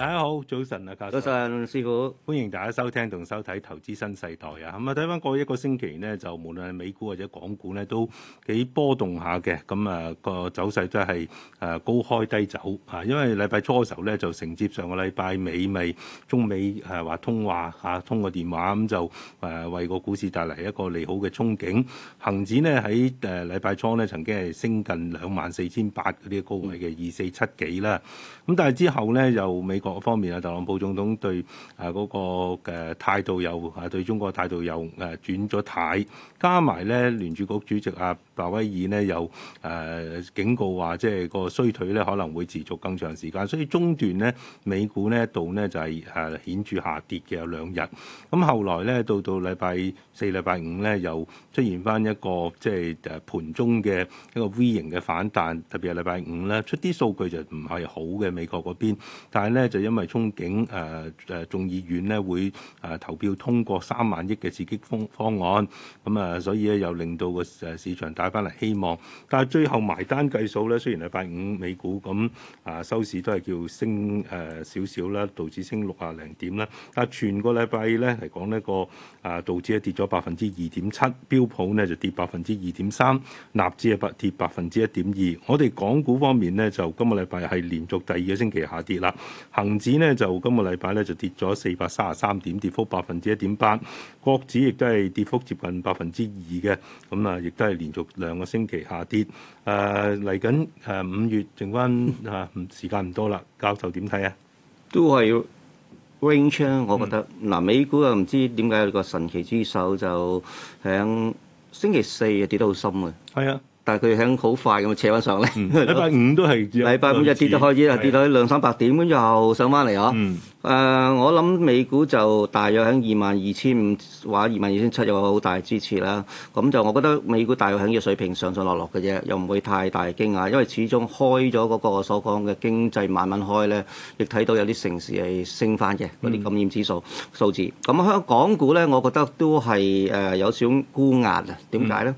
大家好，早晨啊，教授，早晨，師傅，歡迎大家收聽同收睇《投資新世代》啊！咁啊，睇翻過去一個星期呢，就無論係美股或者港股呢，都幾波動下嘅。咁啊，個走勢都係誒高開低走啊。因為禮拜初嘅時候咧，就承接上個禮拜美美中美誒話通話嚇，通過電話咁就誒為個股市帶嚟一個利好嘅憧憬。恒指呢，喺誒禮拜初呢曾經係升近兩萬四千八嗰啲高位嘅二四七幾啦。咁但係之後呢，又美國各方面啊，特朗普總統對啊嗰個嘅態度又啊對中國態度又誒轉咗態，加埋咧聯儲局主席啊，鮑威爾呢，又誒、呃、警告話，即係個衰退咧可能會持續更長時間，所以中段咧美股咧度咧就係、是、誒顯著下跌嘅有兩日，咁後來咧到到禮拜四、禮拜五咧又出現翻一個即係誒盤中嘅一個 V 型嘅反彈，特別係禮拜五咧出啲數據就唔係好嘅美國嗰邊，但係咧就因為憧憬誒誒、呃、眾議院咧會誒投票通過三萬億嘅刺激方方案，咁、呃、啊所以咧又令到個誒市場大翻嚟希望，但係最後埋單計數咧，雖然禮拜五美股咁，啊收市都係叫升誒少少啦，道指升六啊零點啦。但係全個禮拜咧嚟講呢個啊道指咧跌咗百分之二點七，標普呢就跌百分之二點三，納指係百跌百分之一點二。我哋港股方面呢，就今個禮拜係連續第二個星期下跌啦。恒指呢，就今個禮拜咧就跌咗四百三十三點，跌幅百分之一點八。國指亦都係跌幅接近百分之二嘅，咁啊亦都係連續，兩個星期下跌，誒嚟緊誒五月，剩翻嚇時間唔多啦。教授點睇啊？都係要 range，我覺得嗱、嗯啊，美股啊唔知點解有個神奇之手就喺星期四啊跌得好深嘅，係啊、嗯，但係佢喺好快咁啊扯翻上嚟，禮拜、嗯、 五都係，禮拜五日跌得開始啊，嗯嗯、跌、嗯、跌到兩三百點，跟住又上翻嚟嗬。嗯嗯誒，uh, 我諗美股就大約喺二萬二千五或二萬二千七有好大支持啦。咁就我覺得美股大約喺呢個水平上上落落嘅啫，又唔會太大驚訝，因為始終開咗嗰個我所講嘅經濟慢慢開呢，亦睇到有啲城市係升翻嘅嗰啲感染指數數字。咁香港股呢，我覺得都係誒、呃、有少少沽壓啊？點解呢？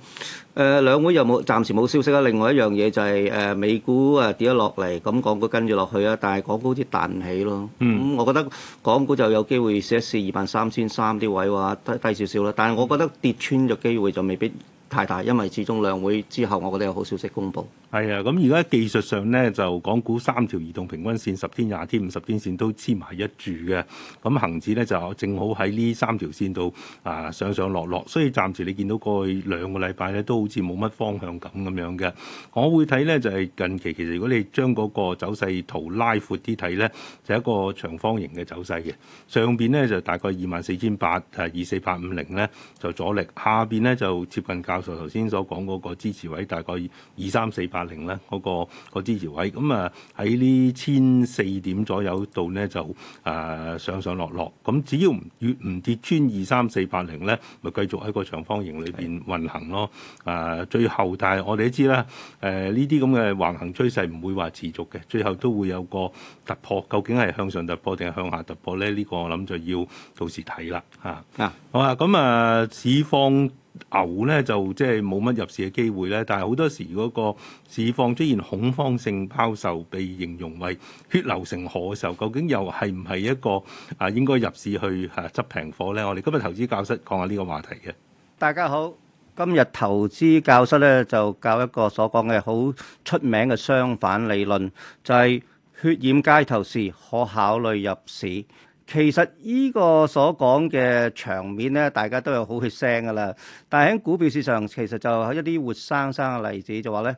嗯誒、呃、兩會又冇，暫時冇消息啦、啊。另外一樣嘢就係、是、誒、呃、美股啊跌咗落嚟，咁港股跟住落去啊。但係港股好似彈唔起咯。咁、嗯嗯、我覺得港股就有機會試一試二萬三千三啲位哇、啊，低低少少啦。但係我覺得跌穿嘅機會就未必太大，因為始終兩會之後，我覺得有好消息公布。係啊，咁而家技術上咧就港股三條移動平均線十天、廿天、五十天線都黐埋一住嘅，咁恆指咧就正好喺呢三條線度啊上上落落，所以暫時你見到過去兩個禮拜咧都好似冇乜方向感咁樣嘅。我會睇咧就係近期其實如果你將嗰個走勢圖拉闊啲睇咧，就一個長方形嘅走勢嘅。上邊咧就大概二萬四千八係二四八五零咧就阻力，下邊咧就接近教授頭先所講嗰個支持位大概二三四八。八零咧，嗰個支持位，咁啊喺呢千四點左右度咧就誒、呃、上上落落咁，只要越唔跌穿二三四八零咧，咪繼續喺個長方形裏邊運行咯。誒、呃、最後，但係我哋都知啦，誒呢啲咁嘅橫行趨勢唔會話持續嘅，最後都會有個突破。究竟係向上突破定係向下突破咧？呢、呢個我諗就要到時睇啦。嚇啊，啊好啊咁啊，市況，牛咧就即係冇乜入市嘅機會咧，但係好多時嗰個市況出現恐慌性拋售，被形容為血流成河嘅時候，究竟又係唔係一個啊應該入市去啊執平貨咧？我哋今日投資教室講下呢個話題嘅。大家好，今日投資教室咧就教一個所講嘅好出名嘅相反理論，就係血染街頭時可考慮入市。其實呢個所講嘅場面咧，大家都有好血腥㗎喇。但係喺股票市場，其實就係一啲活生生嘅例子，就話咧，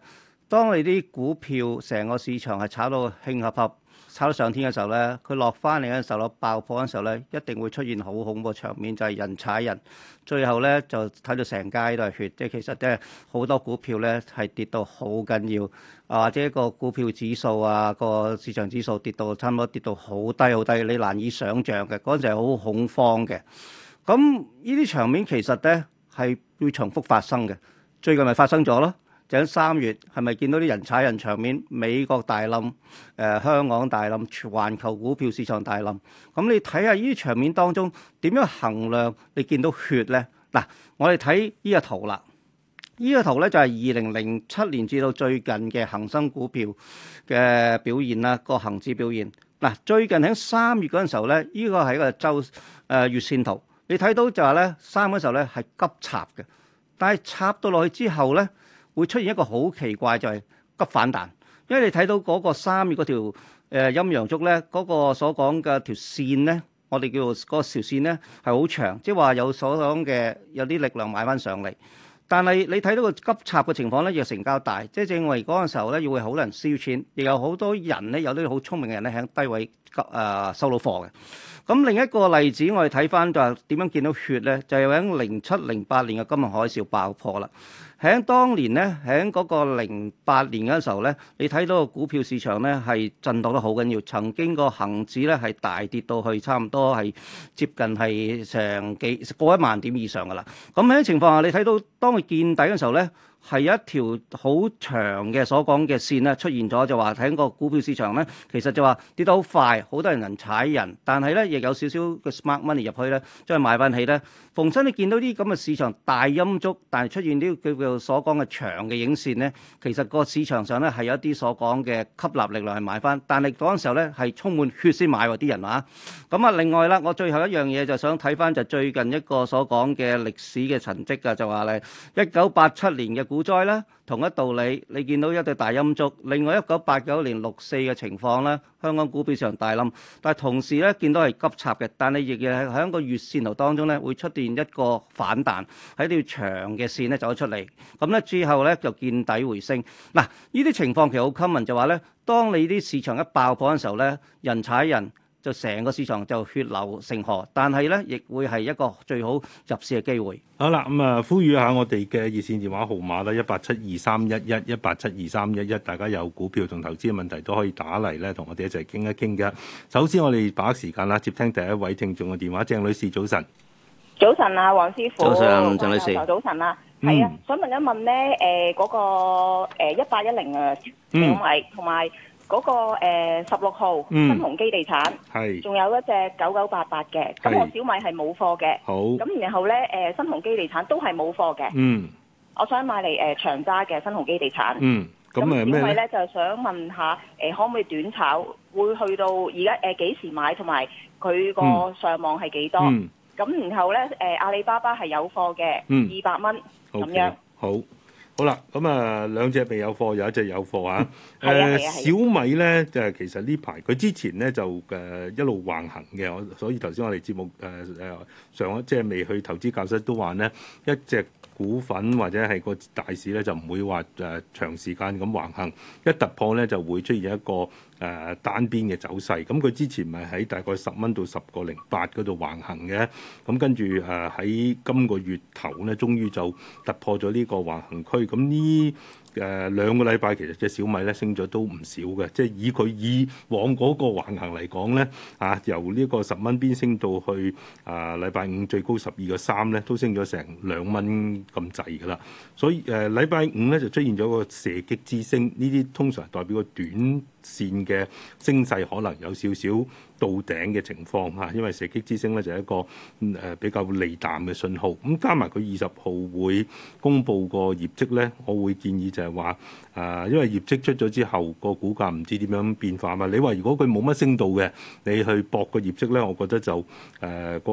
當你啲股票成個市場係炒到興合合。炒到上天嘅時候咧，佢落翻嚟嗰陣時候，落爆破嗰陣時候咧，一定會出現好恐怖嘅場面，就係人踩人，最後咧就睇到成街都係血。即係其實即係好多股票咧係跌到好緊要，或者個股票指數啊，個市場指數跌到差唔多跌到好低好低，你難以想像嘅嗰陣係好恐慌嘅。咁呢啲場面其實咧係會重複發生嘅，最近咪發生咗咯。喺三月係咪見到啲人踩人場面？美國大冧，誒、呃、香港大冧，全球股票市場大冧。咁、嗯、你睇下呢啲場面當中點樣衡量你見到血呢？嗱、啊，我哋睇呢個圖啦，呢、這個圖呢，就係二零零七年至到最近嘅恒生股票嘅表現啦，那個恒指表現嗱、啊。最近喺三月嗰陣時候呢，呢、這個係一個周誒、呃、月線圖，你睇到就係呢三月嗰時候呢，係急插嘅，但係插到落去之後呢。會出現一個好奇怪，就係急反彈，因為你睇到嗰個三月嗰條誒陰陽燭咧，嗰、呃嗰個所講嘅條線咧，我哋叫做嗰條線咧係好長，即係話有所講嘅有啲力量買翻上嚟。但係你睇到個急插嘅情況咧，又成交大，即係證明嗰陣時候咧，要會好多人燒錢，亦有好多人咧，有啲好聰明嘅人咧喺低位急誒、呃、收到貨嘅。咁另一個例子，我哋睇翻就係點樣見到血咧，就係喺零七零八年嘅金融海嘯爆破啦。喺當年咧，喺嗰個零八年嗰陣時候咧，你睇到個股票市場咧係震盪得好緊要，曾經個恒指咧係大跌到去差唔多係接近係成幾過一萬點以上噶啦。咁喺情況下，你睇到當佢見底嗰陣時候咧。係一條好長嘅所講嘅線咧，出現咗就話喺個股票市場咧，其實就話跌得好快，好多人踩人，但係咧亦有少少嘅 smart money 入去咧，再買翻起咧。逢親你見到啲咁嘅市場大陰燭，但係出現啲叫做所講嘅長嘅影線咧，其實個市場上咧係有一啲所講嘅吸納力量係買翻，但係嗰陣時候咧係充滿血先買喎啲人啊。咁啊，另外啦，我最後一樣嘢就想睇翻就最近一個所講嘅歷史嘅痕跡啊，就話咧一九八七年嘅。股災咧，同一道理，你見到一對大陰燭，另外一九八九年六四嘅情況咧，香港股票市場大冧，但係同時咧見到係急插嘅，但係亦係喺個月線圖當中咧會出現一個反彈喺條長嘅線咧走咗出嚟，咁咧之後咧就見底回升。嗱，呢啲情況其實好 common，就話咧，當你啲市場一爆破嘅時候咧，人踩人。就成個市場就血流成河，但係咧，亦會係一個最好入市嘅機會。好啦，咁啊，呼籲下我哋嘅熱線電話號碼啦，一八七二三一一一八七二三一一，大家有股票同投資嘅問題都可以打嚟咧，同我哋一齊傾一傾㗎。首先，我哋把握時間啦，接聽第一位聽眾嘅電話，鄭女士，早晨。早晨啊，黃師傅。早晨，鄭女士。早晨啊，係啊，想問一問咧，誒嗰個誒一八一零啊，同埋同埋。嗰個十六號新鴻基地產，係，仲有一隻九九八八嘅，咁我小米係冇貨嘅，好，咁然後咧誒新鴻基地產都係冇貨嘅，嗯，我想買嚟誒長揸嘅新鴻基地產，嗯，咁小米咧就想問下誒可唔可以短炒，會去到而家誒幾時買，同埋佢個上網係幾多，咁然後咧誒阿里巴巴係有貨嘅，二百蚊，咁樣，好。好啦，咁啊兩隻未有貨，有一隻有貨 啊！誒小米咧，就係其實呢排佢之前咧就誒一路橫行嘅，我所以頭先我哋節目誒誒、呃、上一即係未去投資教室都話咧一隻。股份或者係個大市咧，就唔會話誒長時間咁橫行，一突破咧就會出現一個誒單邊嘅走勢。咁佢之前咪喺大概十蚊到十個零八嗰度橫行嘅，咁跟住誒喺今個月頭咧，終於就突破咗呢個橫行區。咁呢？誒兩個禮拜其實隻小米咧升咗都唔少嘅，即係以佢以往嗰個橫行嚟講咧，啊由呢個十蚊邊升到去啊禮拜五最高十二個三咧，都升咗成兩蚊咁滯㗎啦。所以誒禮拜五咧就出現咗個射擊之星，呢啲通常係代表個短線嘅升勢可能有少少到頂嘅情況吓、啊，因為射擊之星咧就係、是、一個誒、呃、比較利淡嘅信號，咁加埋佢二十號會公佈個業績咧，我會建議就是。係話誒，因為業績出咗之後，個股價唔知點樣變化嘛。你話如果佢冇乜升到嘅，你去博個業績呢，我覺得就誒嗰、呃嗰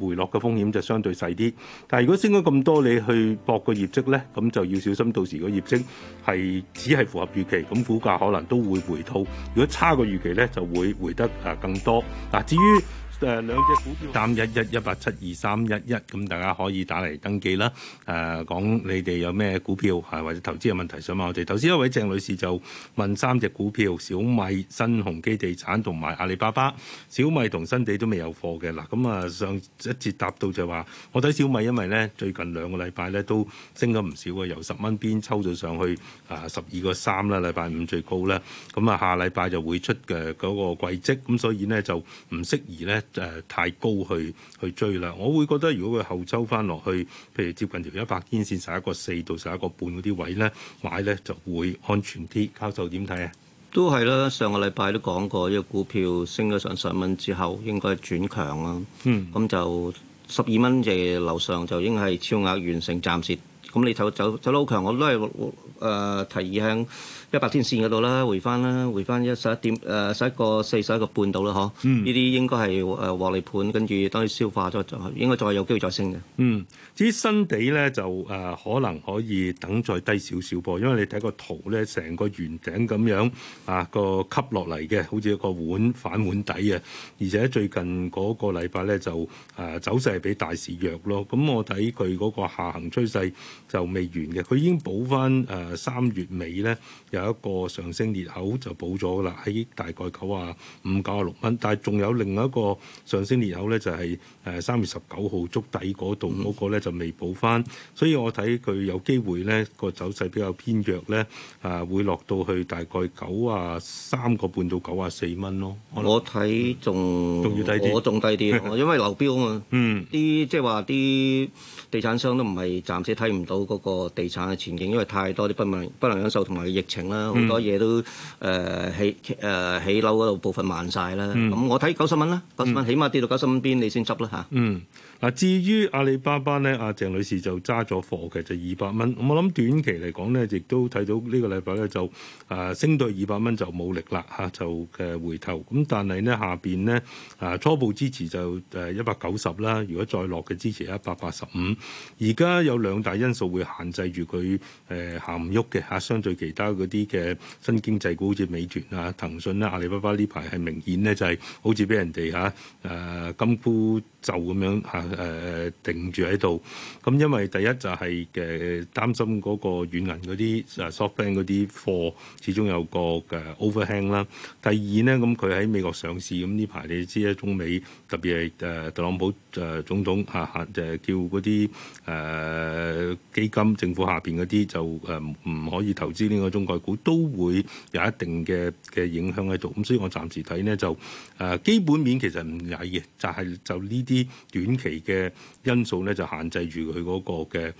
個回落嘅風險就相對細啲。但係如果升咗咁多，你去博個業績呢，咁就要小心到時個業績係只係符合預期，咁股價可能都會回吐。如果差過預期呢，就會回得誒更多。嗱，至於。誒兩隻股票，三一一一八七二三一一咁，11, 大家可以打嚟登記啦。誒、啊，講你哋有咩股票啊，或者投資嘅問題想問我哋。頭先一位鄭女士就問三隻股票：小米、新鴻基地產同埋阿里巴巴。小米同新地都未有貨嘅嗱。咁啊，上一節答到就話，我睇小米，因為咧最近兩個禮拜咧都升咗唔少啊，由十蚊邊抽咗上去啊十二個三啦。禮拜五最高啦。咁啊，下禮拜就會出嘅嗰、嗰個季績，咁所以呢，就唔適宜咧。誒、呃、太高去去追啦，我會覺得如果佢後抽翻落去，譬如接近條一百天線，十一個四到十一個半嗰啲位咧買咧就會安全啲。教授點睇啊？都係啦，上個禮拜都講過，呢個股票升咗上十蚊之後應該轉強啦。嗯，咁就十二蚊嘅樓上就應該係超額完成暫時。咁你就走,走得好強，我都係誒、呃、提議向一百天線嗰度啦，回翻啦，回翻一十一點誒十一個四十一個半度啦，嗬？呢啲、嗯、應該係誒獲利盤，跟住等佢消化咗，就應該再有機會再升嘅。嗯，至於新地咧，就誒、呃、可能可以等再低少少噃，因為你睇個圖咧，成個圓頂咁樣啊個吸落嚟嘅，好似一個碗反碗底啊！而且最近嗰個禮拜咧就誒、呃、走勢係比大市弱咯。咁我睇佢嗰個下行趨勢。就未完嘅，佢已經補翻誒三月尾咧有一個上升裂口就補咗啦，喺大概九啊五、九啊六蚊。但係仲有另外一個上升裂口咧，就係誒三月十九號觸底嗰度嗰個咧就未補翻。所以我睇佢有機會咧個走勢比較偏弱咧，啊會落到去大概九啊三個半到九啊四蚊咯。我睇仲仲要低啲，我仲低啲， 因為流標啊嘛，嗯啲即係話啲地產商都唔係暫時睇唔到，嗰個地產嘅前景，因為太多啲不能不能忍受同埋疫情啦，好、嗯、多嘢都誒、呃、起誒、呃、起樓嗰度部分慢晒啦。咁、嗯、我睇九十蚊啦，九十蚊起碼跌到九十蚊邊，你，你先執啦嚇。嗯。嗱，至於阿里巴巴咧，阿鄭女士就揸咗貨，其實二百蚊。咁我諗短期嚟講咧，亦都睇到呢個禮拜咧就誒升到二百蚊就冇力啦嚇，就嘅回頭。咁但係呢，下邊呢誒初步支持就誒一百九十啦。如果再落嘅支持一百八十五。而家有兩大因素會限制住佢誒行唔喐嘅嚇，相對其他嗰啲嘅新經濟股，好似美團啊、騰訊咧、阿里巴巴呢排係明顯咧就係好似俾人哋嚇誒金箍咒咁樣嚇。誒誒、呃、定住喺度，咁因為第一就係誒擔心嗰個軟銀嗰啲誒 softbank 嗰啲貨始終有個誒 overhang 啦。第二呢，咁佢喺美國上市，咁呢排你知，一中美特別係誒特朗普總統嚇嚇誒叫嗰啲誒基金政府下邊嗰啲就誒唔可以投資呢個中概股，都會有一定嘅嘅影響喺度。咁所以我暫時睇呢就誒、啊、基本面其實唔矮嘅，就係、是、就呢啲短期。嘅因素咧就限制住佢嗰個嘅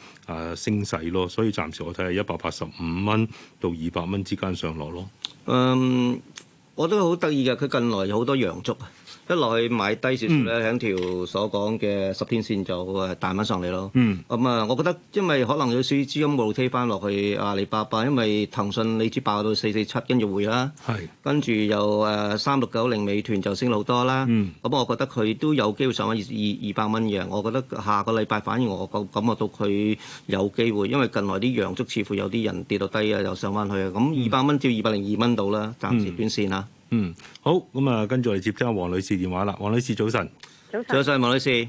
誒升勢咯，所以暫時我睇係一百八十五蚊到二百蚊之間上落咯。嗯，我都好得意嘅，佢近來有好多洋足啊。一落去買低少少咧，喺、嗯、條所講嘅十天線就嘅大蚊上嚟咯。咁啊、嗯嗯，我覺得因為可能有少資金冇推翻落去阿里巴巴，因為騰訊你知爆到四四七，跟住回啦。是跟住又誒三六九零美團就升咗好多啦。咁、嗯嗯嗯、我覺得佢都有機會上咗二二百蚊嘅。我覺得下個禮拜反而我覺感覺到佢有機會，因為近來啲陽燭似乎有啲人跌到低啊，又上翻去啊。咁二百蚊至二百零二蚊到啦，暫時短線啦。嗯嗯，好咁啊，跟住嚟接聽阿黃女士電話啦。黃女士，早晨，早晨，黃女士，誒，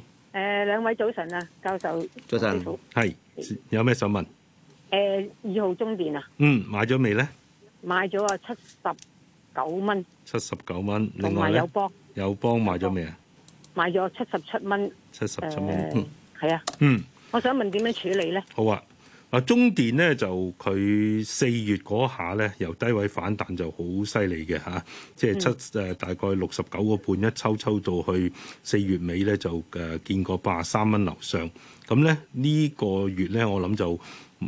兩位早晨啊，教授，早晨，係有咩想問？誒，二號中電啊，嗯，買咗未咧？買咗啊，七十九蚊，七十九蚊，另外，友邦，友邦買咗未啊？買咗七十七蚊，七十七蚊，嗯，係啊，嗯，我想問點樣處理咧？好啊。啊，中電咧就佢四月嗰下咧由低位反彈就好犀利嘅嚇，即係七誒、呃、大概六十九個半一抽抽到去四月尾咧就誒、呃、見過八十三蚊樓上咁咧呢，呢個月咧我諗就。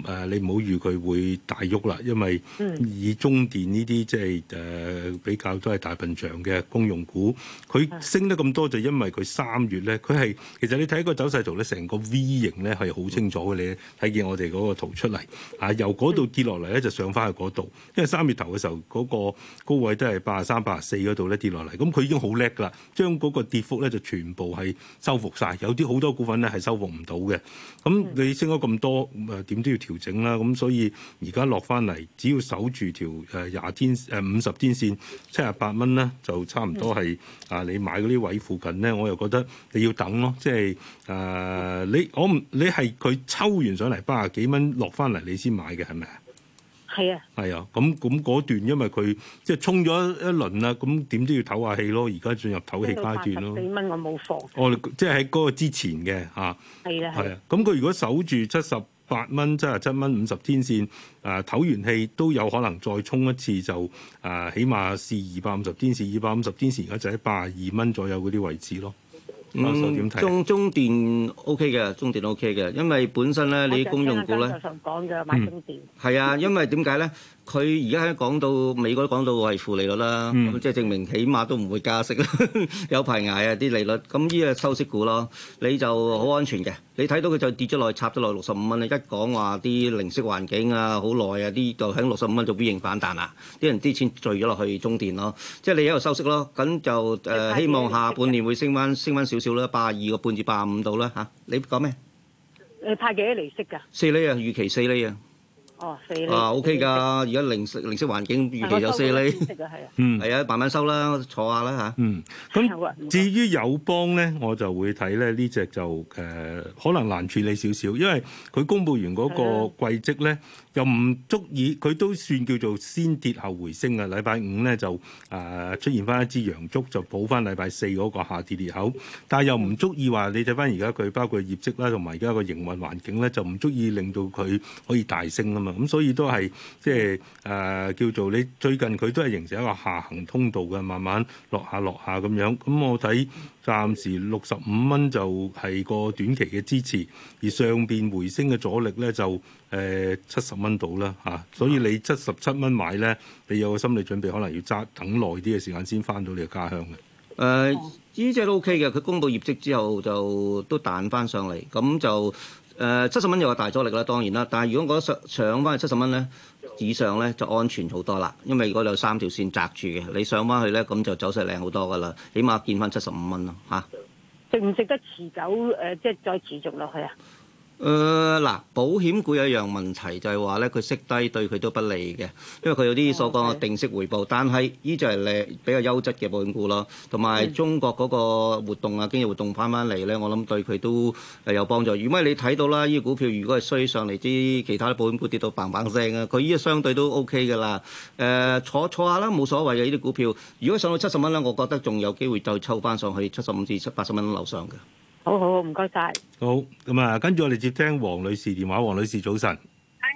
誒，你唔好預佢會大喐啦，因為以中電呢啲即係誒比較都係大笨象嘅公用股，佢升得咁多就因為佢三月咧，佢係其實你睇個走勢圖咧，成個 V 型咧係好清楚嘅，你睇見我哋嗰個圖出嚟啊，由嗰度跌落嚟咧就上翻去嗰度，因為三月頭嘅時候嗰個高位都係八十三、八十四嗰度咧跌落嚟，咁佢已經好叻啦，將嗰個跌幅咧就全部係收復晒。有啲好多股份咧係收復唔到嘅，咁你升咗咁多，咁誒點都要。調整啦，咁、嗯、所以而家落翻嚟，只要守住條誒廿、呃、天誒五十天線七十八蚊咧，就差唔多係、嗯、啊！你買嗰啲位附近咧，我又覺得你要等咯，即係啊、呃！你我唔你係佢抽完上嚟八十幾蚊落翻嚟，你先買嘅係咪啊？係啊，係啊，咁咁嗰段因為佢即係衝咗一輪啦，咁點都要唞下氣咯。而家進入唞氣階段咯。十四蚊我冇放。我、啊、即係喺嗰個之前嘅嚇。係啊，係啊。咁佢、啊啊、如果守住七十。八蚊即係七蚊五十天線，誒、呃、唞完氣都有可能再衝一次就，就、呃、誒起碼試二百五十天線，二百五十天線而家就喺百二蚊左右嗰啲位置咯。嗯嗯、中中電 O K 嘅，中電 O K 嘅，因為本身咧呢啲、嗯、公用股咧，嗯，係啊，嗯、因為點解咧？佢而家講到美國都講到係負利率啦，咁、嗯、即係證明起碼都唔會加息啦， 有排捱啊啲利率。咁呢個收息股咯，你就好安全嘅。你睇到佢就跌咗落去，插咗落六十五蚊啊！一講話啲零息環境啊，好耐啊，啲就喺六十五蚊就 U 型反彈啊！啲人啲錢聚咗落去中電咯，即係你喺度收息咯。咁就誒、呃、希望下半年會升翻升翻少少啦，八二個半至八五度啦嚇。你講咩？誒派幾多利息㗎？四厘啊，預期四厘啊。哦，四啊，OK 噶，而家你零息、零息環境預期咗四厘，嗯，係啊，慢慢收啦，坐下啦吓，嗯，咁至於友邦咧，我就會睇咧呢隻就誒、呃，可能難處理少少，因為佢公佈完嗰個季績咧。又唔足以，佢都算叫做先跌後回升啊！禮拜五咧就誒出現翻一支陽燭，就補翻禮拜四嗰個下跌裂口，但係又唔足以話你睇翻而家佢包括業績啦，同埋而家個營運環境咧，就唔足以令到佢可以大升啊嘛！咁所以都係即係誒叫做你最近佢都係形成一個下行通道嘅，慢慢落下落下咁樣。咁我睇暫時六十五蚊就係個短期嘅支持，而上邊回升嘅阻力咧就。誒、呃、七十蚊到啦嚇，所以你七十七蚊買咧，你有個心理準備，可能要揸等耐啲嘅時間先翻到你嘅家鄉嘅。誒呢隻都 OK 嘅，佢公布業績之後就都彈翻上嚟，咁就誒、呃、七十蚊又話大阻力啦，當然啦。但係如果我上上翻去七十蚊咧以上咧，就安全好多啦，因為如果有三條線紮住嘅，你上翻去咧，咁就走勢靚好多噶啦，起碼見翻七十五蚊咯嚇。值唔值得持久誒、呃？即係再持續落去啊？誒嗱、呃，保險股有一樣問題就係話咧，佢息低對佢都不利嘅，因為佢有啲所講嘅定息回報。嗯 okay. 但係依就係咧比較優質嘅保險股咯，同埋中國嗰個活動啊，經濟活動翻翻嚟咧，我諗對佢都誒有幫助。如果你睇到啦，呢、這個股票如果係衰上嚟啲其他啲保險股跌到嘭嘭聲啊，佢依個相對都 OK 㗎啦。誒、呃，坐坐下啦，冇所謂嘅呢啲股票。如果上到七十蚊咧，我覺得仲有機會再抽翻上去七十五至八十蚊樓上嘅。好好好，唔該晒。好咁啊，跟住我哋接聽黃女士電話。黃女士早，早晨。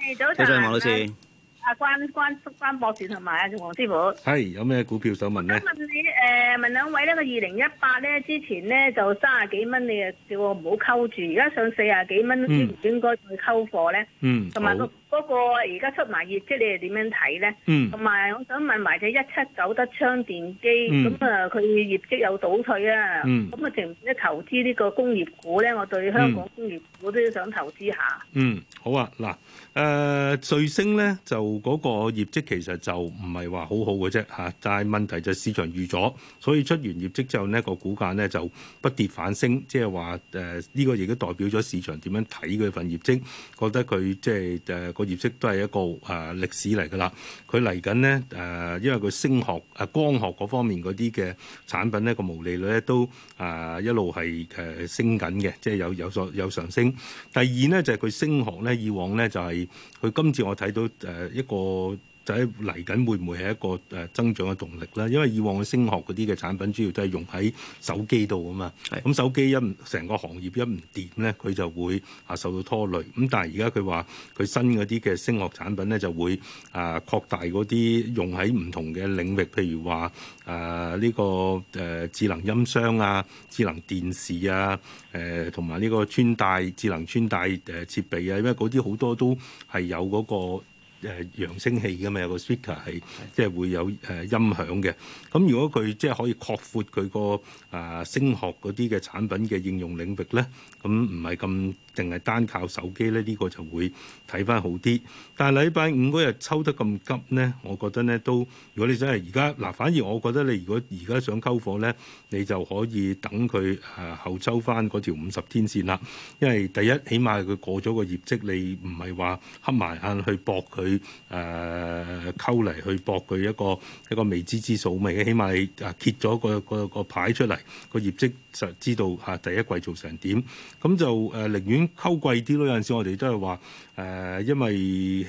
係，早晨。早晨，黃女士。阿關關關博士同埋阿黃師傅，係、hey, 有咩股票想問咧？我想問你，誒、呃，問兩位呢個二零一八咧之前咧就三十幾蚊，你啊叫我唔好溝住，而家上四十幾蚊，應唔應該再溝貨咧？嗯，同埋個嗰個而家出埋業績，即你又點樣睇咧？同埋我想問埋隻一七九德昌電機，咁啊佢業績有倒退啊，咁啊值唔值投資呢個工業股咧？我對香港工業股都想投資下。嗯，好啊，嗱。誒、uh, 瑞星咧就嗰、那個業績其實就唔係話好好嘅啫嚇，但係問題就係市場預咗，所以出完業績之後呢，個股價呢就不跌反升，即係話誒呢個亦都代表咗市場點樣睇佢份業績，覺得佢即係誒個業績都係一個誒、呃、歷史嚟㗎啦。佢嚟緊呢，誒、呃，因為佢升學誒、呃、光學嗰方面嗰啲嘅產品呢，個毛利率咧都誒、呃、一路係誒升緊嘅，即、就、係、是、有有所有，有上升。第二呢，就係、是、佢升學咧以往呢，就係、是。佢今次我睇到誒、呃、一個。就係嚟緊會唔會係一個誒增長嘅動力咧？因為以往嘅聲學嗰啲嘅產品主要都係用喺手機度啊嘛。咁是、嗯、手機一成個行業一唔掂咧，佢就會啊受到拖累。咁但係而家佢話佢新嗰啲嘅聲學產品咧就會啊擴、呃、大嗰啲用喺唔同嘅領域，譬如話啊呢個誒、呃、智能音箱啊、智能電視啊、誒同埋呢個穿戴智能穿戴誒設、呃、備啊，因為嗰啲好多都係有嗰、嗰個。誒、呃、揚聲器㗎嘛，有個 speaker 係即係會有誒、呃、音響嘅。咁如果佢即係可以擴闊佢個呃聲學嗰啲嘅產品嘅應用領域咧，咁唔係咁，淨係單靠手機咧，呢、這個就會睇翻好啲。但係禮拜五嗰日抽得咁急咧，我覺得咧都，如果你真係而家嗱，反而我覺得你如果而家想溝貨咧，你就可以等佢誒、呃、後抽翻嗰條五十天線啦。因為第一，起碼佢過咗個業績，你唔係話黑埋眼去搏佢誒溝嚟去搏佢一個一個未知之數未？起碼你揭咗個個個，個牌出嚟，個業績。就知道嚇第一季做成點，咁就誒寧願溝貴啲咯。有陣時我哋都係話誒，因為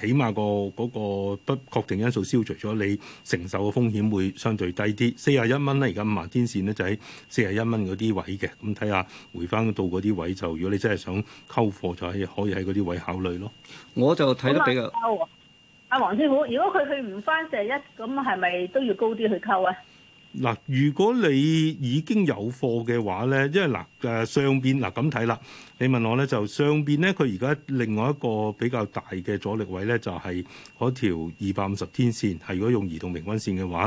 起碼個嗰個不確定因素消除咗，你承受嘅風險會相對低啲。四十一蚊咧，而家五十天線咧就喺四十一蚊嗰啲位嘅，咁睇下回翻到嗰啲位就，如果你真係想溝貨，就可以喺嗰啲位考慮咯。我就睇得比較。阿黃師傅，如果佢去唔翻四十一，咁係咪都要高啲去溝啊？嗱，如果你已經有貨嘅話咧，因為嗱誒、呃、上邊嗱咁睇啦。呃你問我咧，就上邊咧，佢而家另外一個比較大嘅阻力位咧，就係、是、嗰條二百五十天線。係如果用移動平均線嘅話，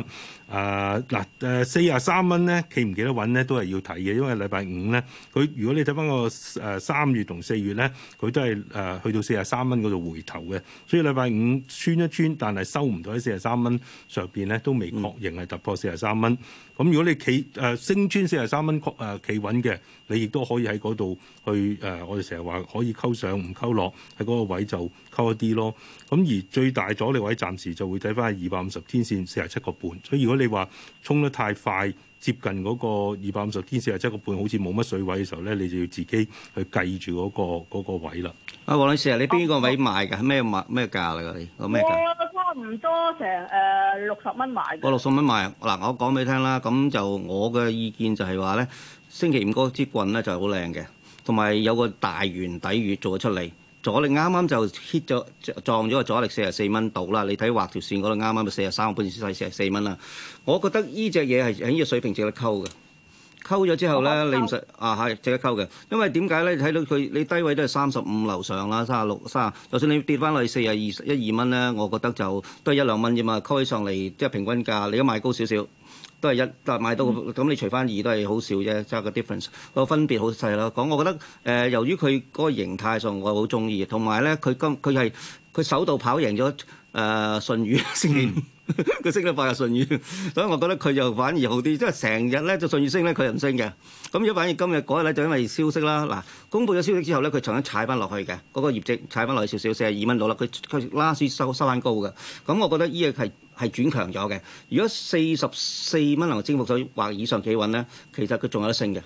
啊、呃、嗱，誒四廿三蚊四十三蚊咧企唔企得穩咧，都係要睇嘅，因為禮拜五咧，佢如果你睇翻個誒三月同四月咧，佢都係誒、呃、去到四十三蚊嗰度回頭嘅。所以禮拜五穿一穿，但係收唔到喺四十三蚊上邊咧，都未確認係突破四十三蚊。咁如果你企誒、呃、升穿四十三蚊誒企穩嘅，你亦都可以喺嗰度去。誒，我哋成日話可以溝上唔溝落，喺嗰個位就溝一啲咯。咁而最大阻力位暫時就會睇翻係二百五十天線四十七個半。所以如果你話衝得太快，接近嗰個二百五十天四十七個半，好似冇乜水位嘅時候咧，你就要自己去計住嗰個嗰個位啦。啊，黃女士，你邊個位買㗎？咩物咩價嚟㗎？你個咩價？我差唔多成誒六十蚊買嘅。六十蚊買。嗱，我講俾你聽啦。咁就我嘅意見就係話咧，星期五嗰支棍咧就係好靚嘅。同埋有個大圓底月做咗出嚟，阻力啱啱就 hit 咗撞咗個阻力四十四蚊度啦。你睇畫條線嗰度啱啱咪四十三個半至四十四蚊啦。我覺得呢隻嘢係喺呢個水平值得溝嘅，溝咗之後咧，你唔使啊，係值得溝嘅。因為點解咧？你睇到佢你低位都係三十五樓上啦，三啊六三啊，就算你跌翻落去四啊二一二蚊咧，我覺得就都係一兩蚊啫嘛。溝起上嚟即係平均價，你而家賣高少少。都係一，但係買到咁，你除翻二都係好少啫，即係個 difference 個分別好細咯。講我覺得誒，由於佢嗰個形態上，我係好中意，同埋咧佢今佢係佢首度跑贏咗誒順宇升，佢升得快過順宇，所以我覺得佢又反而好啲。即係成日咧就順宇升咧，佢又唔升嘅。咁如果反而今日嗰日咧，就因為消息啦，嗱，公布咗消息之後咧，佢重新踩翻落去嘅，嗰個業績踩翻落去少少，四十二蚊到啦，佢佢拉住收收翻高嘅。咁我覺得依個係。係轉強咗嘅。如果四十四蚊能夠征服咗或以上企穩咧，其實佢仲有得升嘅。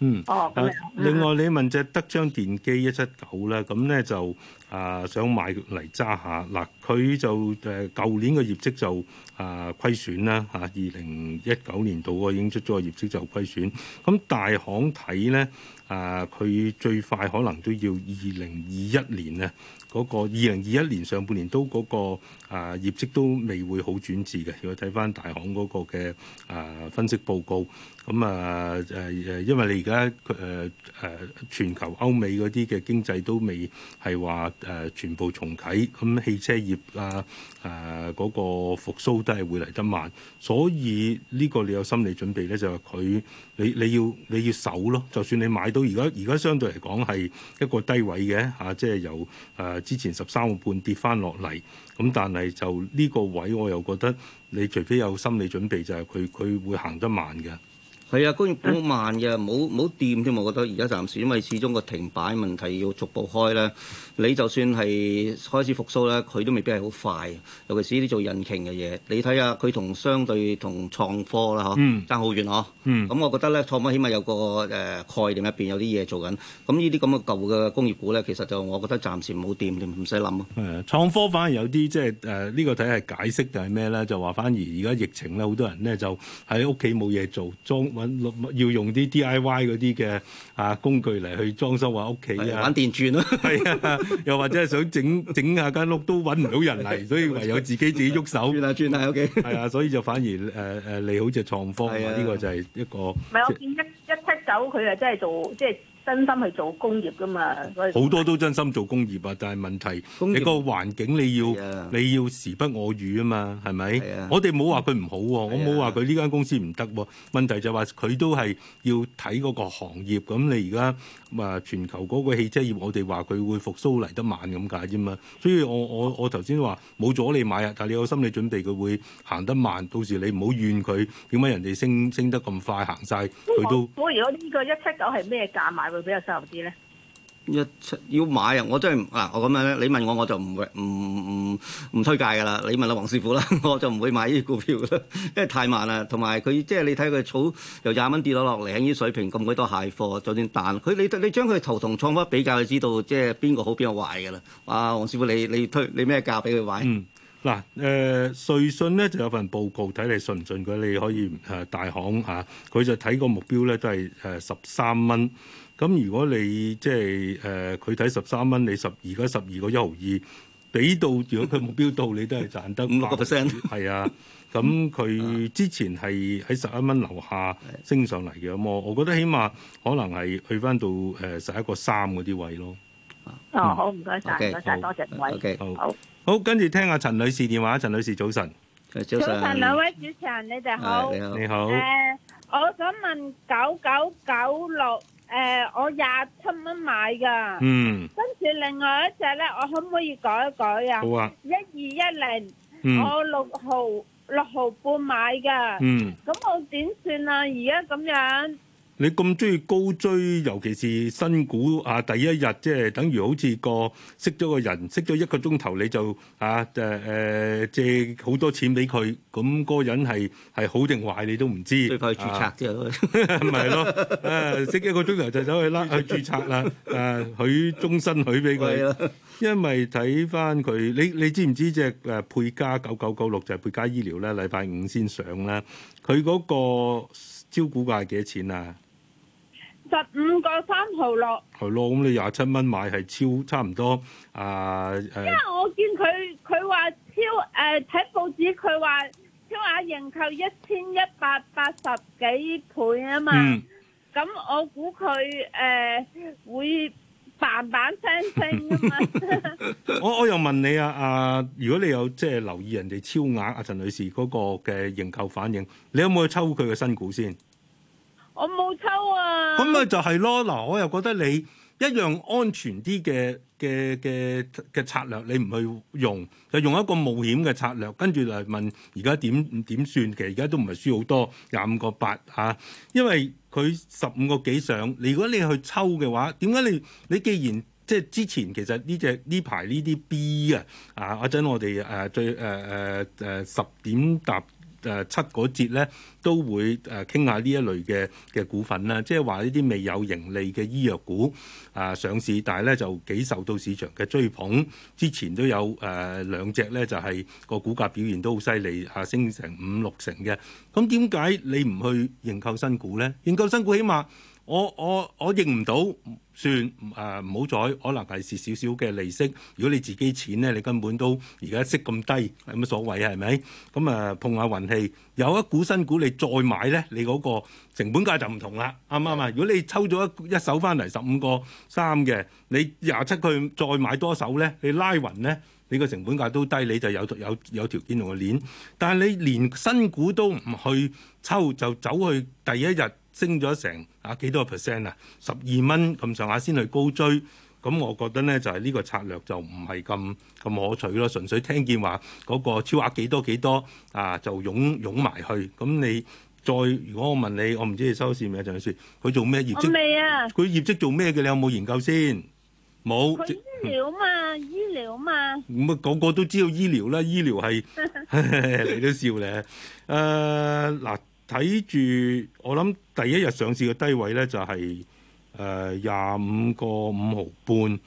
嗯。哦。啊嗯、另外，你問隻德昌電機一七九咧，咁咧就啊想買嚟揸下。嗱、啊，佢就誒舊年嘅業績就啊虧損啦。嚇，二零一九年度我已經出咗個業績就虧損。咁大行睇咧，啊佢最快可能都要二零二一年啊。嗰個二零二一年上半年都嗰個啊業績都未會好轉折嘅，如果睇翻大行嗰個嘅啊分析報告。咁啊誒誒，因為你而家誒誒全球歐美嗰啲嘅經濟都未係話誒全部重啓，咁、嗯、汽車業啊誒嗰、呃那個復甦都係會嚟得慢，所以呢個你有心理準備咧，就係、是、佢你你要你要守咯。就算你買到而家而家相對嚟講係一個低位嘅嚇，即、啊、係、就是、由誒、呃、之前十三個半跌翻落嚟，咁、嗯、但係就呢個位我又覺得你除非有心理準備就，就係佢佢會行得慢嘅。係啊，工業股慢嘅，冇冇掂添？我覺得而家暫時，因為始終個停擺問題要逐步開咧。你就算係開始復甦咧，佢都未必係好快。尤其是呢啲做引擎嘅嘢，你睇下佢同相對同創科啦，吓，爭好遠哦。咁、啊嗯嗯、我覺得咧，創科起碼有個誒概念入邊有啲嘢做緊。咁呢啲咁嘅舊嘅工業股咧，其實就我覺得暫時冇掂，唔使諗咯。誒，創科反而有啲即係誒呢個睇係解釋定係咩咧？就話反而而家疫情咧，好多人咧就喺屋企冇嘢做，裝，要用啲 D I Y 嗰啲嘅啊工具嚟去裝修下屋企啊，玩電鑽咯，係啊， 又或者係想整整下間屋都揾唔到人嚟，所以唯有自己自己喐手轉下、啊、轉下、啊、OK，係 啊，所以就反而誒誒利好隻創科啊，呢個就係一個。唔係我見一一出走佢啊，就真係做即係。就是真心去做工業噶嘛，所以好多都真心做工業啊！但係問題，業你個環境你要 Yeah. 你要時不我與啊嘛，係咪？Yeah. 我哋冇話佢唔好、啊，Yeah. 我冇話佢呢間公司唔得、啊。問題就係話佢都係要睇嗰個行業。咁你而家啊全球嗰個汽車業，我哋話佢會復甦嚟得慢咁解啫嘛。所以我我我頭先話冇阻你買啊，但係你有心理準備，佢會行得慢。到時你唔好怨佢，點解人哋升升得咁快行晒佢都。我如果呢個一七九係咩價買？會比較適合啲咧？一要買啊！我真係嗱、啊，我咁樣咧。你問我，我就唔唔唔唔推介噶啦。你問阿黃師傅啦，我就唔會買呢啲股票啦，因為太慢啦。同埋佢即係你睇佢，草由廿蚊跌咗落嚟喺呢水平咁鬼多蟹貨，就算彈佢，你你將佢圖同創科比較，就知道即係邊個好邊個壞噶啦。啊，黃師傅，你你推你咩價俾佢買？嗱、嗯，誒、呃、瑞信咧就有份報告睇，你信唔信佢？你可以誒、呃、大行嚇佢、啊、就睇個目標咧，都係誒十三蚊。咁如果你即係誒佢睇十三蚊，你十而家十二個一毫二，俾到如果佢目標到，你都係賺得五六個 percent 係啊。咁佢之前係喺十一蚊樓下升上嚟嘅麼？我覺得起碼可能係去返到誒十一個三嗰啲位咯。嗯、哦，好唔該晒，謝謝嗯、okay, 多謝多謝各位。好，好跟住聽下陳女士電話。陳女士早晨，早晨兩位主持人，你哋好，Hi, 你好，你好、啊、我想問九九九六。誒、呃，我廿七蚊買噶，嗯，跟住另外一隻咧，我可唔可以改一改啊？好啊，一二一零，10, 嗯，我六毫六毫半買噶，嗯，咁我點算啊？而家咁樣。你咁中意高追，尤其是新股啊！第一日即係等於好似個識咗個人，識咗一個鐘頭你就啊誒誒、呃、借好多錢俾佢，咁嗰個人係係好定壞你都唔知。佢去註冊之後、啊、 咯，咪係咯？識一個鐘頭就走去拉 去註冊啦！誒、啊，許終身許俾佢， 因為睇翻佢，你你知唔知即係誒配加九九九六就係配加醫療咧？禮拜五先上咧，佢嗰個招股價係幾多錢啊？十五個三毫六，係咯，咁你廿七蚊買係超差唔多啊！呃、因為我見佢佢話超誒睇、呃、報紙佢話超額認購一千一百八十幾倍啊嘛，咁、嗯、我估佢誒會慢慢升升啊嘛 我。我我又問你啊，阿、呃、如果你有即係、就是、留意人哋超額阿陳女士嗰個嘅認購反應，你有冇去抽佢嘅新股先？我冇抽啊！咁啊就係咯嗱，我又覺得你一樣安全啲嘅嘅嘅嘅策略，你唔去用，就用一個冒險嘅策略，跟住就係問而家點點算？其實而家都唔係輸好多，廿五個八嚇，因為佢十五個幾上。如果你去抽嘅話，點解你你既然即係之前其實呢隻呢排呢啲 B 啊啊或者，我哋誒最誒誒誒十點答。誒七嗰節咧都會誒傾下呢一類嘅嘅股份啦，即係話呢啲未有盈利嘅醫藥股啊上市，但係咧就幾受到市場嘅追捧。之前都有誒、啊、兩隻咧就係、係、個股價表現都好犀利，下、啊、升成五六成嘅。咁點解你唔去認購新股咧？認購新股起碼。我我我認唔到算誒，唔、呃、好彩。可能係蝕少少嘅利息。如果你自己錢呢，你根本都而家息咁低，有乜所謂係咪？咁啊，碰下運氣，有一股新股你再買呢，你嗰個成本價就唔同啦，啱唔啱啊？如果你抽咗一一手翻嚟十五個三嘅，你廿七去再買多手呢，你拉勻呢，你個成本價都低，你就有有有條件同佢連。但係你連新股都唔去抽，就走去第一日。升咗成啊幾多個 percent 啊？十二蚊咁上下先去高追，咁我覺得咧就係、是、呢個策略就唔係咁咁可取咯。純粹聽見話嗰個超額幾多幾多啊，就擁擁埋去。咁你再如果我問你，我唔知你收線未，仲有線？佢做咩業績？我未啊！佢業績做咩嘅？你有冇研究先？冇。佢醫療嘛，嗯、醫療嘛。咁啊、嗯，個個都知道醫療啦，醫療係 你都笑咧。誒、呃、嗱。睇住，我諗第一日上市嘅低位咧就係誒廿五個五毫半。誒、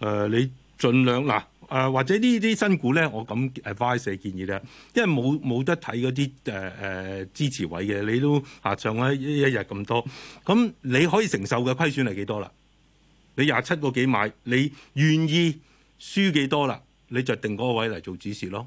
呃呃，你盡量嗱誒、呃，或者呢啲新股咧，我咁 advise 建議啦，因為冇冇得睇嗰啲誒誒支持位嘅，你都吓上咗一日咁多。咁你可以承受嘅虧損係幾多啦？你廿七個幾買，你願意輸幾多啦？你就定嗰個位嚟做指示咯。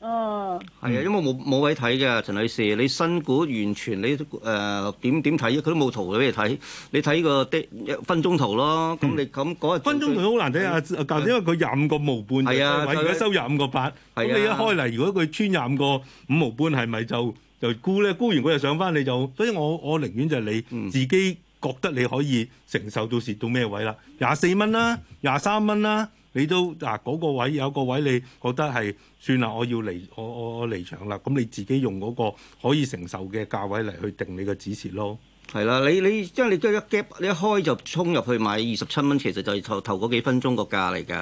哦，係啊、嗯，因為冇冇位睇嘅陳女士，你新股完全你誒點點睇？佢都冇圖俾你睇，你睇、呃、個的分鐘圖咯。咁你咁嗰、嗯、分鐘圖好難睇啊！究竟的因為佢廿五個毛半嘅位而家的收廿五個八的，咁你一開嚟如果佢穿廿五個五毛半，是是，係咪就呢就沽咧？沽完佢又上翻你就，所以我我寧願就你自己覺得你可以承受到蝕到咩位啦，廿四蚊啦，廿三蚊啦。你都嗱嗰個位有個位，個位你覺得係算啦，我要離，我我我離場啦。咁你自己用嗰個可以承受嘅價位嚟，去定你嘅指示咯。係啦，你你即係你即一 gap，你一開就衝入去買二十七蚊，其實就係頭頭嗰幾分鐘個價嚟㗎。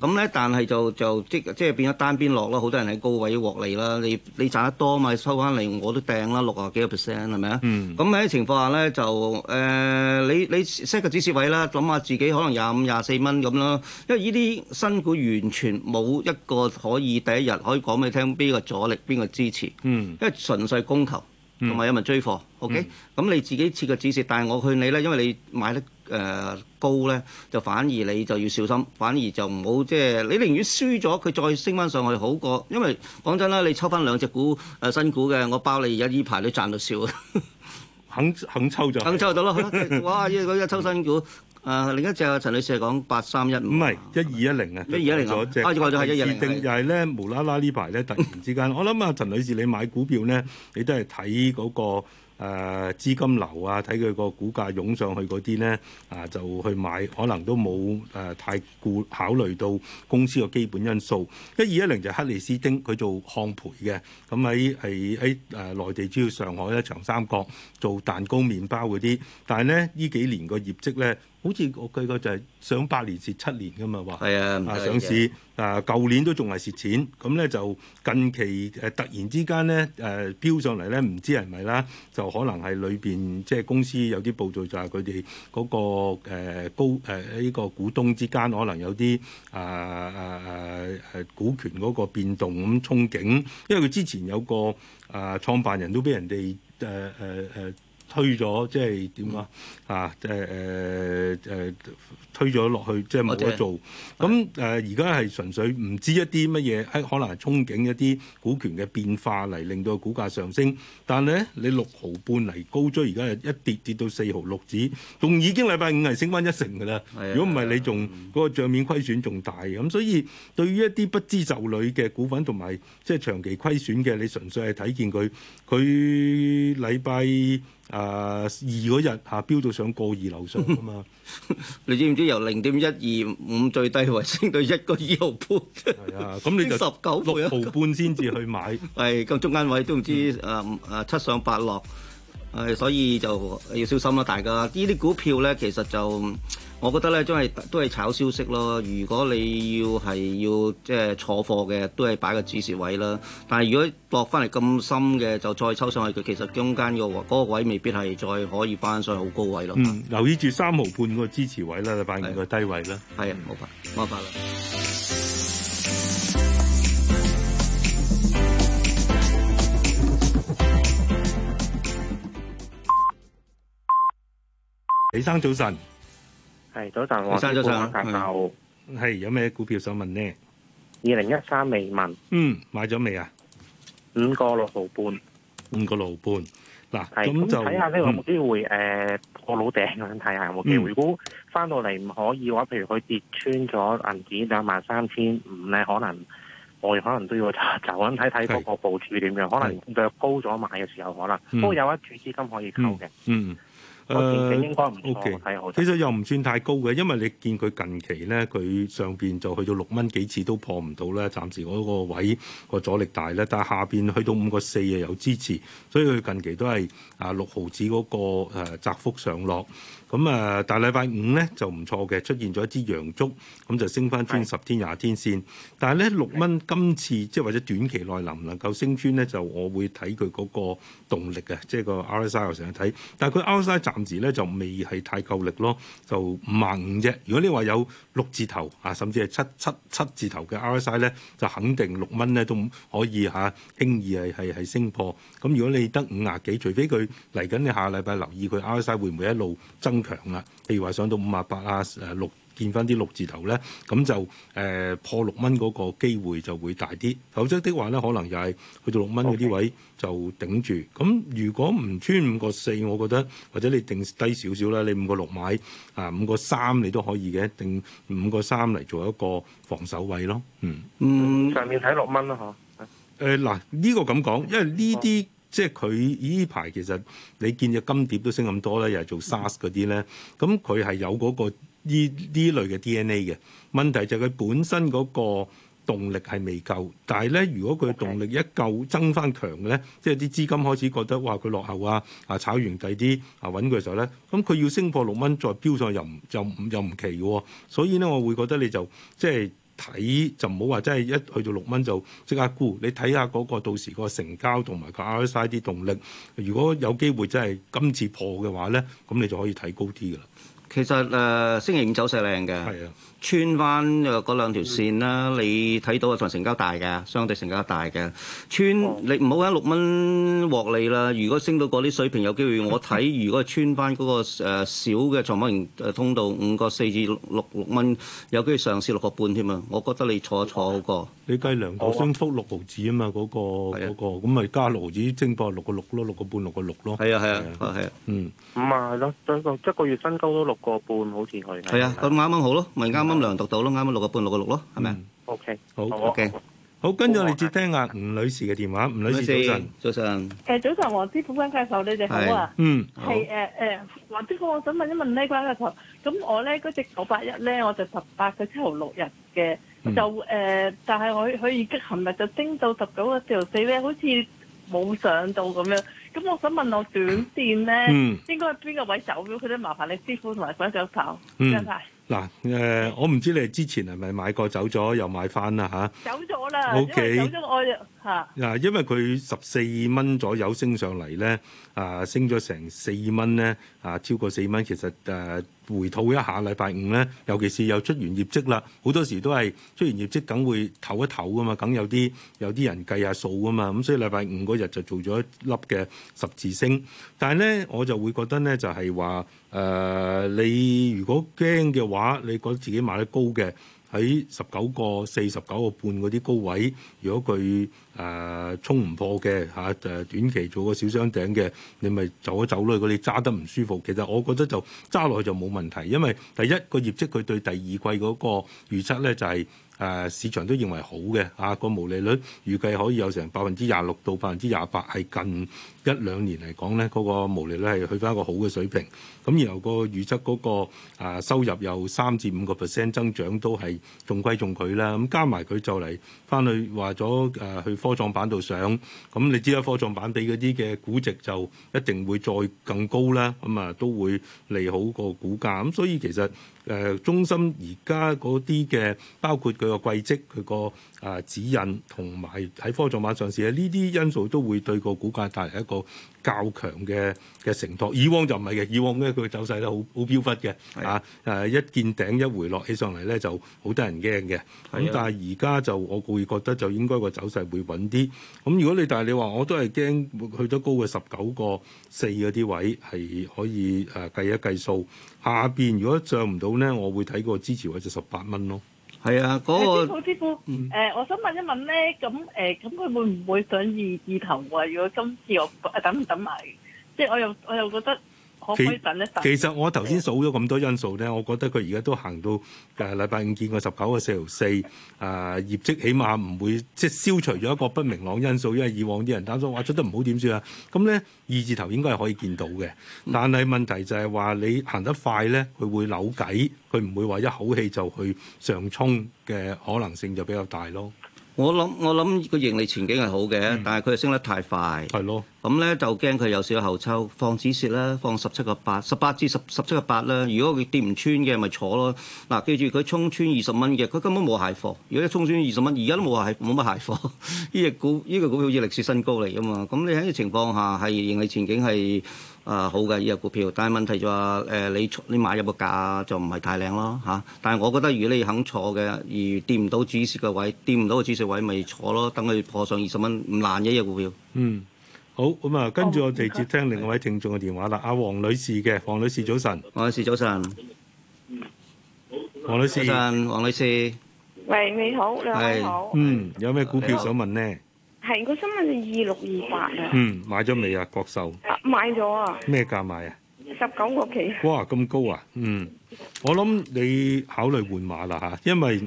咁咧、嗯，但係就就即即係變咗單邊落啦，好多人喺高位獲利啦。你你賺得多咪收翻嚟我都掟啦，六啊幾個 percent 係咪啊？咁喺、嗯、情況下咧，就誒、呃、你你 set 個止蝕位啦，諗下自己可能廿五、廿四蚊咁啦。因為呢啲新股完全冇一個可以第一日可以講俾你聽邊個阻力、邊個支持，嗯、因為純粹供求。同埋有咪追貨？OK？咁、嗯、你自己設個止蝕，但係我勸你咧，因為你買得誒、呃、高咧，就反而你就要小心，反而就唔好。即、就、係、是、你寧願輸咗，佢再升翻上去好過。因為講真啦，你抽翻兩隻股誒、呃、新股嘅，我包你而家呢排都賺到笑。啊！肯肯抽就肯抽到咯！ 哇！一一抽新股。嗯誒、呃、另一隻啊，陳女士係講八三一五，唔係一二一零啊，是是一二、啊啊、一零嗰隻，阿就係一二零。又係咧無，啦啦呢排咧，突然之間， 我諗啊，陳女士你買股票咧，你都係睇嗰個誒、呃、資金流啊，睇佢個股價湧上去嗰啲咧啊，就去買，可能都冇誒太顧考慮到公司個基本因素。一二一零就係克利斯丁，佢做烘焙嘅，咁喺係喺誒內地主要上海咧、長三角做蛋糕、麵包嗰啲，但係咧呢幾年個業績咧。好似我計過就係上八年蝕七年噶嘛，話，係啊，上市啊，舊年都仲係蝕錢。咁、嗯、咧就近期誒突然之間咧誒飆上嚟咧，唔知係咪啦？就可能係裏邊即係公司有啲報道就、那個，就係佢哋嗰個高誒呢、呃這個股東之間可能有啲、呃、啊啊啊誒股權嗰個變動咁憧憬，因為佢之前有個啊創、呃、辦人都俾人哋誒誒誒。呃呃呃推咗即係點啊？啊誒誒誒，推咗落去即係冇得做。咁誒而家係純粹唔知一啲乜嘢，可能係憧憬一啲股權嘅變化嚟令到股價上升。但係咧，你六毫半嚟高追，而家係一跌跌到四毫六紙，仲已經禮拜五係升翻一成㗎啦。如果唔係，你仲嗰個帳面虧損仲大。咁所以對於一啲不知就裏嘅股份同埋即係長期虧損嘅，你純粹係睇見佢佢禮拜。誒二嗰日嚇，飆、uh, 啊、到過上過二樓上啊嘛！ 你知唔知由零點一二五最低位升到一個二毫半？係 啊，咁你就一毫半先至去買。係咁、 啊，中間位都唔知誒誒、嗯啊、七上八落。係、哎，所以就要小心啦、啊，大家呢啲股票咧，其實就我覺得咧，都係都係炒消息咯。如果你要係要即係坐貨嘅，都係擺個指示位啦。但係如果落翻嚟咁深嘅，就再抽上去，佢其實中間嘅、那、嗰、個那個位未必係再可以翻上去好高位咯、嗯。留意住三毫半嗰個支持位啦，就擺喺個低位啦。係啊，冇辦法，冇辦法啦。李生早晨，係早晨，黃生早晨，係有咩股票想問呢？二零一三未問，嗯，買咗未啊？五個六毫半，五個六毫半，嗱，咁就睇下呢個會唔會誒破老頂，咁睇下有冇機會？如果翻到嚟，唔可以嘅話，譬如佢跌穿咗恒指兩萬三千五咧，可能我哋可能都要查一查，咁睇睇嗰個部署點樣，可能略高咗買嘅時候，可能都有一注資金可以扣嘅，嗯。誒 O K，其實又唔算太高嘅，因為你見佢近期咧，佢上邊就去到六蚊幾次都破唔到咧，暫時嗰個位個阻力大咧。但係下邊去到五個四誒，有支持，所以佢近期都係啊六毫子嗰個窄幅上落。咁啊，大禮拜五咧就唔錯嘅，出現咗一支陽燭，咁就升翻穿十天、廿天線。但係咧六蚊今次即係或者短期內能唔能夠升穿咧，就我會睇佢嗰個動力嘅，即係個 RSI 我成日睇，但係佢 RSI 暫時咧就未係太夠力咯，就五萬五啫。如果你話有六字頭啊，甚至係七七七字頭嘅 RSI 咧，就肯定六蚊咧都可以吓、啊、輕易係係係升破。咁如果你得五廿幾，除非佢嚟緊你下禮拜留意佢 RSI 會唔會一路增。強啦，譬如話上到五啊八啊，誒六見翻啲六字頭咧，咁就誒、呃、破六蚊嗰個機會就會大啲，否則的話咧，可能又係去到六蚊嗰啲位就頂住。咁如果唔穿五個四，我覺得或者你定低少少啦，你五個六買啊，五個三你都可以嘅，定五個三嚟做一個防守位咯。嗯，嗯，上面睇六蚊咯，嗬、啊。誒嗱呢個咁講，因為呢啲。啊即係佢依排其實你見隻金碟都升咁多咧，又係做 SARS 嗰啲咧，咁佢係有嗰、那個依依類嘅 DNA 嘅問題，就係佢本身嗰個動力係未夠，但係咧如果佢動力一夠增翻強嘅咧，Okay. 即係啲資金開始覺得哇佢落後啊，啊炒完第啲啊揾佢嘅時候咧，咁佢要升破六蚊再飆上去又唔又唔又唔奇嘅喎、哦，所以咧我會覺得你就即係。睇就唔好話真係一去到六蚊就即刻沽。你睇下嗰個到時個成交同埋個 RSI 啲動力，如果有機會真係今次破嘅話咧，咁你就可以睇高啲㗎喇。其實誒、呃、星期五走勢靚嘅。係啊。穿翻誒嗰兩條線啦，你睇到啊，同成交大嘅，相對成交大嘅穿，你唔好講六蚊獲利啦。如果升到嗰啲水平，有機會我睇，如果穿翻嗰個誒小嘅創板型通道，五個四至六六六蚊，有機會上試六個半添啊！我覺得你坐坐過。你計兩個升幅六毫子啊嘛，嗰個嗰個，咁咪加六毫子升破六個六咯，六個半六個六咯。係啊係啊係啊，嗯，唔係咯，一個一個月新高都六個半，好似係。係啊，咁啱啱好咯，咪啱啱。金量讀到咯，啱啱六個半六個六咯，係咪 o K，好 O、okay. K，好，跟住我哋接聽啊，吳女士嘅電話。吳女士，早晨。誒，早晨，黃師傅，關教授，你哋好啊。嗯，係誒誒，或者我我想問一問,問關呢個教授，咁我咧嗰隻九八一咧，我就十八個七毫六日嘅，就誒、呃，但係我佢已而家琴日就升到十九個四毫四咧，好似冇上到咁樣。咁我想問我短線咧，嗯、應該邊個位走咗？佢都麻煩你師傅同埋關教授，真係、嗯。嗱，誒、呃，我唔知你之前係咪買過走咗，又買翻啦吓，啊、走咗了啦，因為 Okay. 嗱，因為佢十四蚊左右升上嚟咧，啊，升咗成四蚊咧，啊，超過四蚊，其實誒、啊、回吐一下，禮拜五咧，尤其是又出完業績啦，好多時都係出完業績梗會唞一唞噶嘛，梗有啲有啲人計下數噶嘛，咁、啊、所以禮拜五嗰日就做咗一粒嘅十字星。但係咧我就會覺得咧就係話誒，你如果驚嘅話，你覺得自己買得高嘅。喺十九個四、十九個半嗰啲高位，如果佢誒衝唔破嘅嚇，誒、啊、短期做個小雙頂嘅，你咪走一走咯。如果你揸得唔舒服，其實我覺得就揸落去就冇問題，因為第一個業績佢對第二季嗰個預測咧就係、是。誒市場都認為好嘅，啊、嗰個毛利率預計可以有成百分之廿六到百分之廿八，係近一兩年嚟講咧，嗰、嗰個毛利率係去翻一個好嘅水平。咁然後個預測嗰、嗰個、啊、收入有三至五個 percent 增長都中中，都係中規中矩啦。咁加埋佢就嚟翻去話咗誒去科創板度上，上，咁你知啦，科創板俾嗰啲嘅估值就一定會再更高啦。咁啊都會利好個股價，咁、啊、所以其實。誒、呃、中心而家嗰啲嘅，包括佢個季績、佢個啊指引同埋喺科創板上市啊，呢啲因素都會對個股價帶嚟一個較強嘅嘅承托。以往就唔係嘅，以往咧佢嘅走勢咧好好飄忽嘅，的啊誒一見頂一回落起上嚟咧就好得人驚嘅。咁的但係而家就我會覺得就應該個走勢會穩啲。咁、嗯、如果你但係你話我都係驚去到高嘅十九個四嗰啲位係可以誒計一計數。下邊如果漲唔到咧，我會睇個支持位就十八蚊咯。係啊，嗰、嗰個師傅師傅，我想問一問咧，咁誒，咁、呃、佢會唔會想二字頭位、啊？如果今次我誒等唔等埋，即係我又我又覺得。其，其實，我頭先數咗咁多因素咧，我覺得佢而家都行到誒禮拜五見過十九個四條四，誒業績起碼唔會即係消除咗一個不明朗因素，因為以往啲人擔心話出得唔好點算啊，咁咧二字頭應該係可以見到嘅，但係問題就係話你行得快咧，佢會扭計，佢唔會話一口氣就去上衝嘅可能性就比較大咯。我諗我諗個盈利前景係好嘅，嗯、但係佢升得太快，係咯的，咁咧就驚佢有少少後抽，放止蝕啦，放十七個八、十八至十十七個八啦。如果佢跌唔穿嘅，咪坐咯。嗱，記住佢衝穿二十蚊嘅，佢根本冇鞋貨。如果一衝穿二十蚊，而家都冇話係冇乜鞋貨。呢隻股呢個股票好似歷史新高嚟㗎嘛，咁你喺呢個情況下係盈利前景係。誒、啊、好嘅呢隻股票，但係問題就話誒你你買入個價就唔係太靚咯，嚇、啊。但係我覺得如果你肯坐嘅，而掂唔到止蝕嘅位，掂唔到個止蝕位咪坐咯，等佢破上二十蚊唔難嘅呢隻股票。嗯，好咁啊，跟住我哋接聽另外一位聽眾嘅電話啦。阿黃好是女士嘅，黃女士早晨，黃女士早晨，黃女士，黃女士，喂，你好，你好，你好好，嗯，有咩股票好想問呢？係，個身份係二六二八啊！嗯，買咗未啊？國壽啊，買咗啊！咩價買啊？十九個期。哇，咁高啊！嗯，我諗你考慮換馬啦吓，因為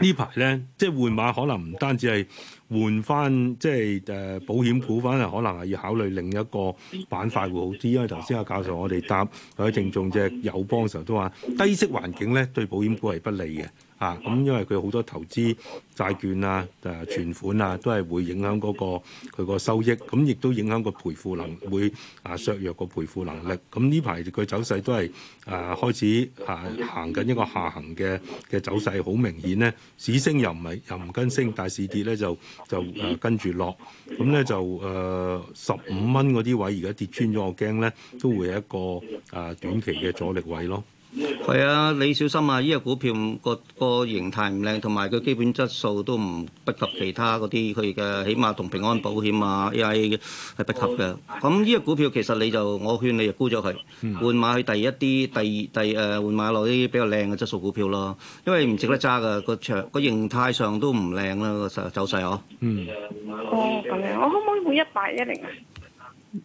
呢排咧，即係換馬可能唔單止係換翻，即係誒、呃、保險股翻，係可能係要考慮另一個板塊會好啲。因為頭先阿教授我哋答嗰啲聽眾隻友邦嘅時候都話，低息環境咧對保險股係不利嘅。啊，咁因為佢好多投資債券啊、誒、啊、存款啊，都係會影響嗰、那個佢個收益，咁、嗯、亦都影響個賠付能，會啊削弱個賠付能力。咁呢排佢走勢都係誒、啊、開始啊行緊一個下行嘅嘅走勢，好明顯咧。市升又唔係又唔跟升，但係市跌咧就就誒、啊、跟住落。咁、嗯、咧就誒十五蚊嗰啲位而家跌穿咗，我驚咧都會係一個誒、啊、短期嘅阻力位咯。係啊，你小心啊！依、這、隻、個、股票個個形態唔靚，同埋佢基本質素都唔不及其他嗰啲，佢嘅起碼同平安保險啊，AIA 係不及嘅。咁依隻股票其實你就我勸你就沽咗佢，換、嗯、買去第一啲、第二、第誒換買落啲比較靚嘅質素股票咯。因為唔值得揸嘅，個長個形態上都唔靚啦，個走勢、啊嗯、哦。嗯。哦，咁樣，我可唔可以換一百、啊？一零？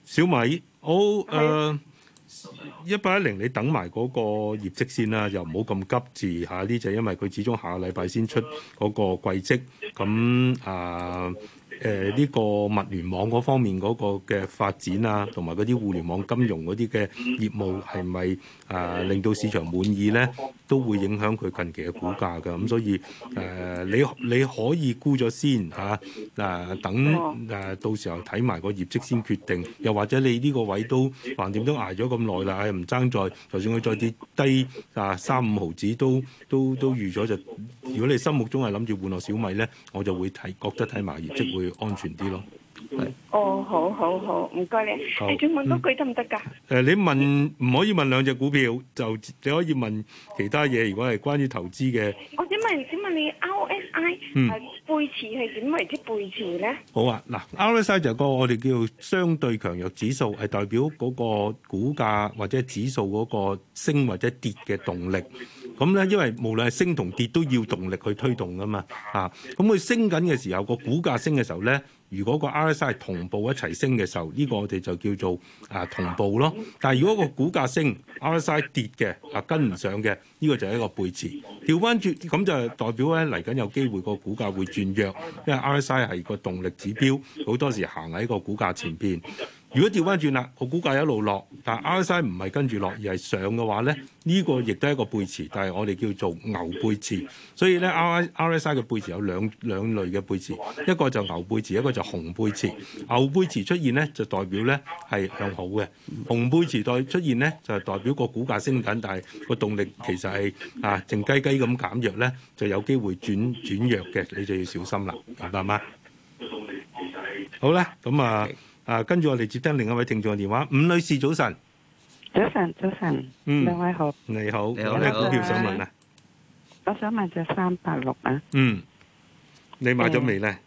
小米，好、oh, 誒、uh。一八一零，110，你等埋嗰個業績先啦，又唔好咁急住嚇。呢、啊、就因為佢始終下個禮拜先出嗰個季績。咁啊誒，呢、啊呢個物聯網嗰方面嗰個嘅發展啊，同埋嗰啲互聯網金融嗰啲嘅業務，係咪啊令到市場滿意咧？都會影響佢近期嘅股價㗎，咁、嗯、所以誒、呃，你你可以沽咗先嚇，嗱、啊啊、等誒、啊、到時候睇埋個業績先決定，又或者你呢個位都橫掂都挨咗咁耐啦，又唔爭再，就算佢再跌低啊三五毫子都都都，都預咗就，如果你心目中係諗住換落小米咧，我就會睇覺得睇埋業績會安全啲咯。哦，好好好，唔該你。你仲問多句得唔得噶？誒，你問，唔可以問兩隻股票，就你可以問其他嘢。如果係關於投資嘅，我想問，想問你 RSI 背馳係點為之背馳咧？好啊，嗱，RSI 就係個我哋叫相對強弱指數，係代表嗰個股價或者指數嗰個升或者跌嘅動力。咁咧，因為無論係升同跌都要動力去推動噶嘛。啊，咁佢升緊嘅時候，個股價升嘅時候咧，如果個 RSI 同步一齊升嘅時候，呢、這個我哋就叫做啊同步咯。但係如果個股價升，RSI 跌嘅啊跟唔上嘅，呢、這個就係一個背馳。調返轉咁就代表咧嚟緊有機會個股價會轉弱，因為 RSI 係個動力指標，好多時行喺個股價前邊。如果調翻轉啦，個股價一路落，但係 RSI 唔係跟住落而係上嘅話咧，呢、這個亦都係一個背馳，但係我哋叫做牛背馳。所以咧，R RSI 嘅背馳有兩兩類嘅背馳，一個就牛背馳，一個就熊背馳。牛背馳出現咧，就代表咧係向好嘅；熊背馳代出現咧，就係代表個股價升緊，但係個動力其實係啊靜雞雞咁減弱咧，就有機會轉轉弱嘅，你就要小心啦，明白嗎？好咧，咁啊。啊，跟住我哋接聽另一位聽眾嘅電話，伍女士早晨，早晨早晨，兩位好，你好，有咩股票想問啊？我想問隻三八六啊。嗯，你買咗未咧？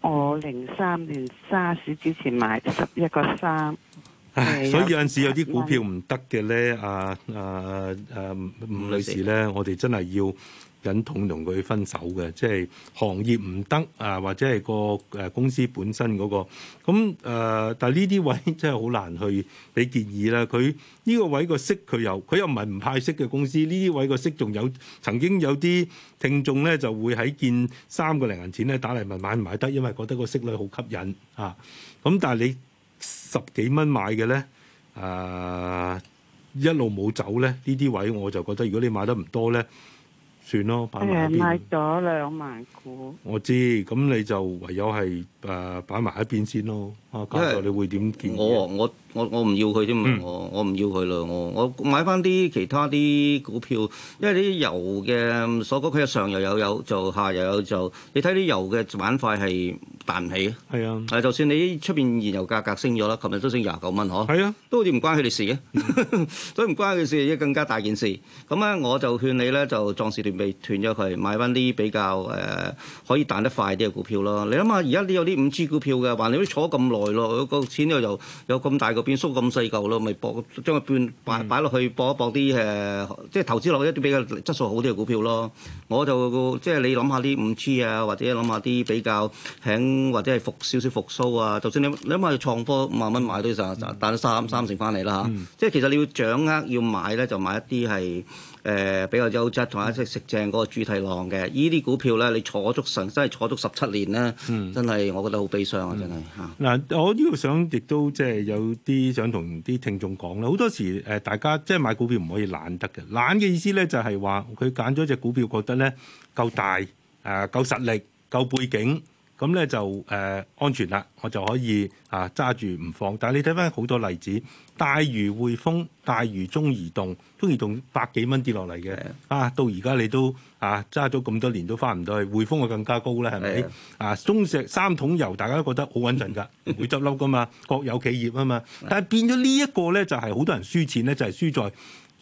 我零三年沙士之前買十一個三，唉，所以有陣時有啲股票唔得嘅咧。啊啊啊伍女士咧，我哋真係要。忍痛同佢分手嘅，即係行業唔得啊，或者係個誒公司本身嗰、那個咁誒、呃。但係呢啲位真係好難去俾建議啦。佢呢個位個息佢又，佢又唔係唔派息嘅公司。呢啲位個息仲有曾經有啲聽眾咧，就會喺見三個零銀錢咧打嚟問買唔買得，因為覺得個息率好吸引啊。咁但係你十幾蚊買嘅咧，誒、啊、一路冇走咧，呢啲位我就覺得如果你買得唔多咧。算咯，擺埋一邊。買咗兩萬股。我知，咁你就唯有係。誒擺埋一邊先咯，因為你會點見？我我我我唔要佢添，我我唔要佢啦，我我買翻啲其他啲股票，因為啲油嘅所講，佢有上又有有，就下又有就，你睇啲油嘅板塊係彈唔起啊？係啊，係就算你出面燃油價格升咗啦，琴日都升廿九蚊，嗬？係啊，都好似唔關佢哋事嘅，所以唔關佢事，因為更加大件事。咁咧，我就勸你咧，就壯士斷臂斷咗佢，買翻啲比較誒可以彈得快啲嘅股票咯。你諗下，而家你有啲。五 G 股票嘅話，你都坐咁耐咯，個錢又又有咁大個變，縮咁細嚿咯，咪博將個變擺擺落去博一博啲誒，即係投資落去一啲比較質素好啲嘅股票咯。我就即係你諗下啲五 G 啊，或者諗下啲比較輕或者係復少少復甦啊。就算你你諗下創科五萬蚊買都要賺要賺三三成翻嚟啦嚇，啊、 即係其實你要掌握要買咧，就買一啲係。誒、呃、比較優質同埋一隻食正嗰個主題浪嘅，依啲股票咧，你坐足神真係坐足十七年咧，嗯、真係我覺得好悲傷啊！真係嚇嗱。啊、我呢個想亦都即係有啲想同啲聽眾講咧，好多時誒、呃、大家即係買股票唔可以懶得嘅。懶嘅意思咧就係話佢揀咗隻股票覺得咧，夠大誒、呃、夠實力夠背景。咁咧、嗯、就誒、呃、安全啦，我就可以啊揸住唔放。但係你睇翻好多例子，大如匯豐、大如中移動，中移動百幾蚊跌落嚟嘅，啊到而家你都啊揸咗咁多年都翻唔到去。匯豐啊更加高啦，係咪？的啊中石三桶油，大家都覺得好穩陣㗎，唔會執笠㗎嘛，國 有企業啊嘛。但係變咗呢一個咧，就係、是、好多人輸錢咧，就係輸在。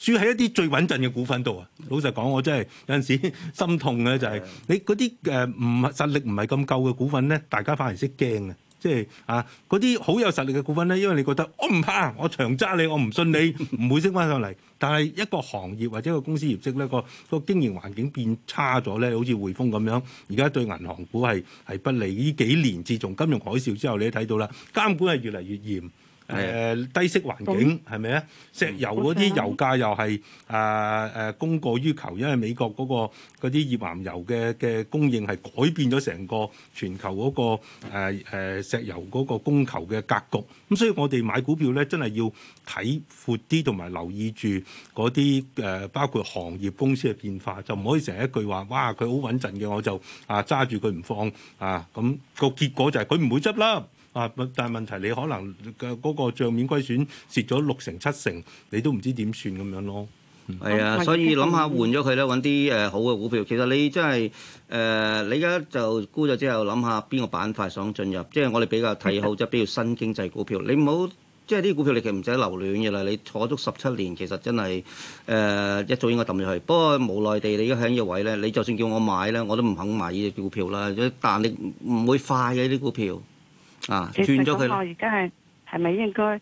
輸喺一啲最穩陣嘅股份度啊！老實講，我真係有陣時 心痛嘅就係、是、你嗰啲誒唔係實力唔係咁夠嘅股份咧，大家反而識驚啊，即係啊嗰啲好有實力嘅股份咧，因為你覺得我唔怕，我長揸你，我唔信你唔會升翻上嚟。但係一個行業或者一個公司業績咧，個、那個經營環境變差咗咧，好似匯豐咁樣，而家對銀行股係係不利。呢幾年自從金融海嘯之後，你都睇到啦，監管係越嚟越嚴。誒低息環境係咪啊？石油嗰啲油價又係誒誒供過於求，因為美國嗰啲頁岩油嘅嘅供應係改變咗成個全球嗰、嗰個誒、呃、石油嗰個供求嘅格局。咁所以我哋買股票咧，真係要睇闊啲，同埋留意住嗰啲誒包括行業公司嘅變化，就唔可以成日一句話，哇佢好穩陣嘅，我就啊揸住佢唔放啊，咁、嗰個結果就係佢唔會執笠。啊！但係問題，你可能嘅嗰個帳面歸損虧損蝕咗六成七成，你都唔知點算咁樣咯。係、嗯、啊，所以諗下換咗佢啦，揾啲誒好嘅股票。其實你真係誒、呃，你而家就沽咗之後，諗下邊個板塊想進入？即係我哋比較睇好即係比如新經濟股票。你唔好即係啲股票，你其實唔使留戀嘅啦。你坐足十七年，其實真係誒、呃、一早應該抌咗佢。不過無奈地，你而家喺呢個位咧，你就算叫我買咧，我都唔肯買呢啲股票啦。但你唔會快嘅啲股票。啊！轉咗佢啦。我而家係係咪應該誒？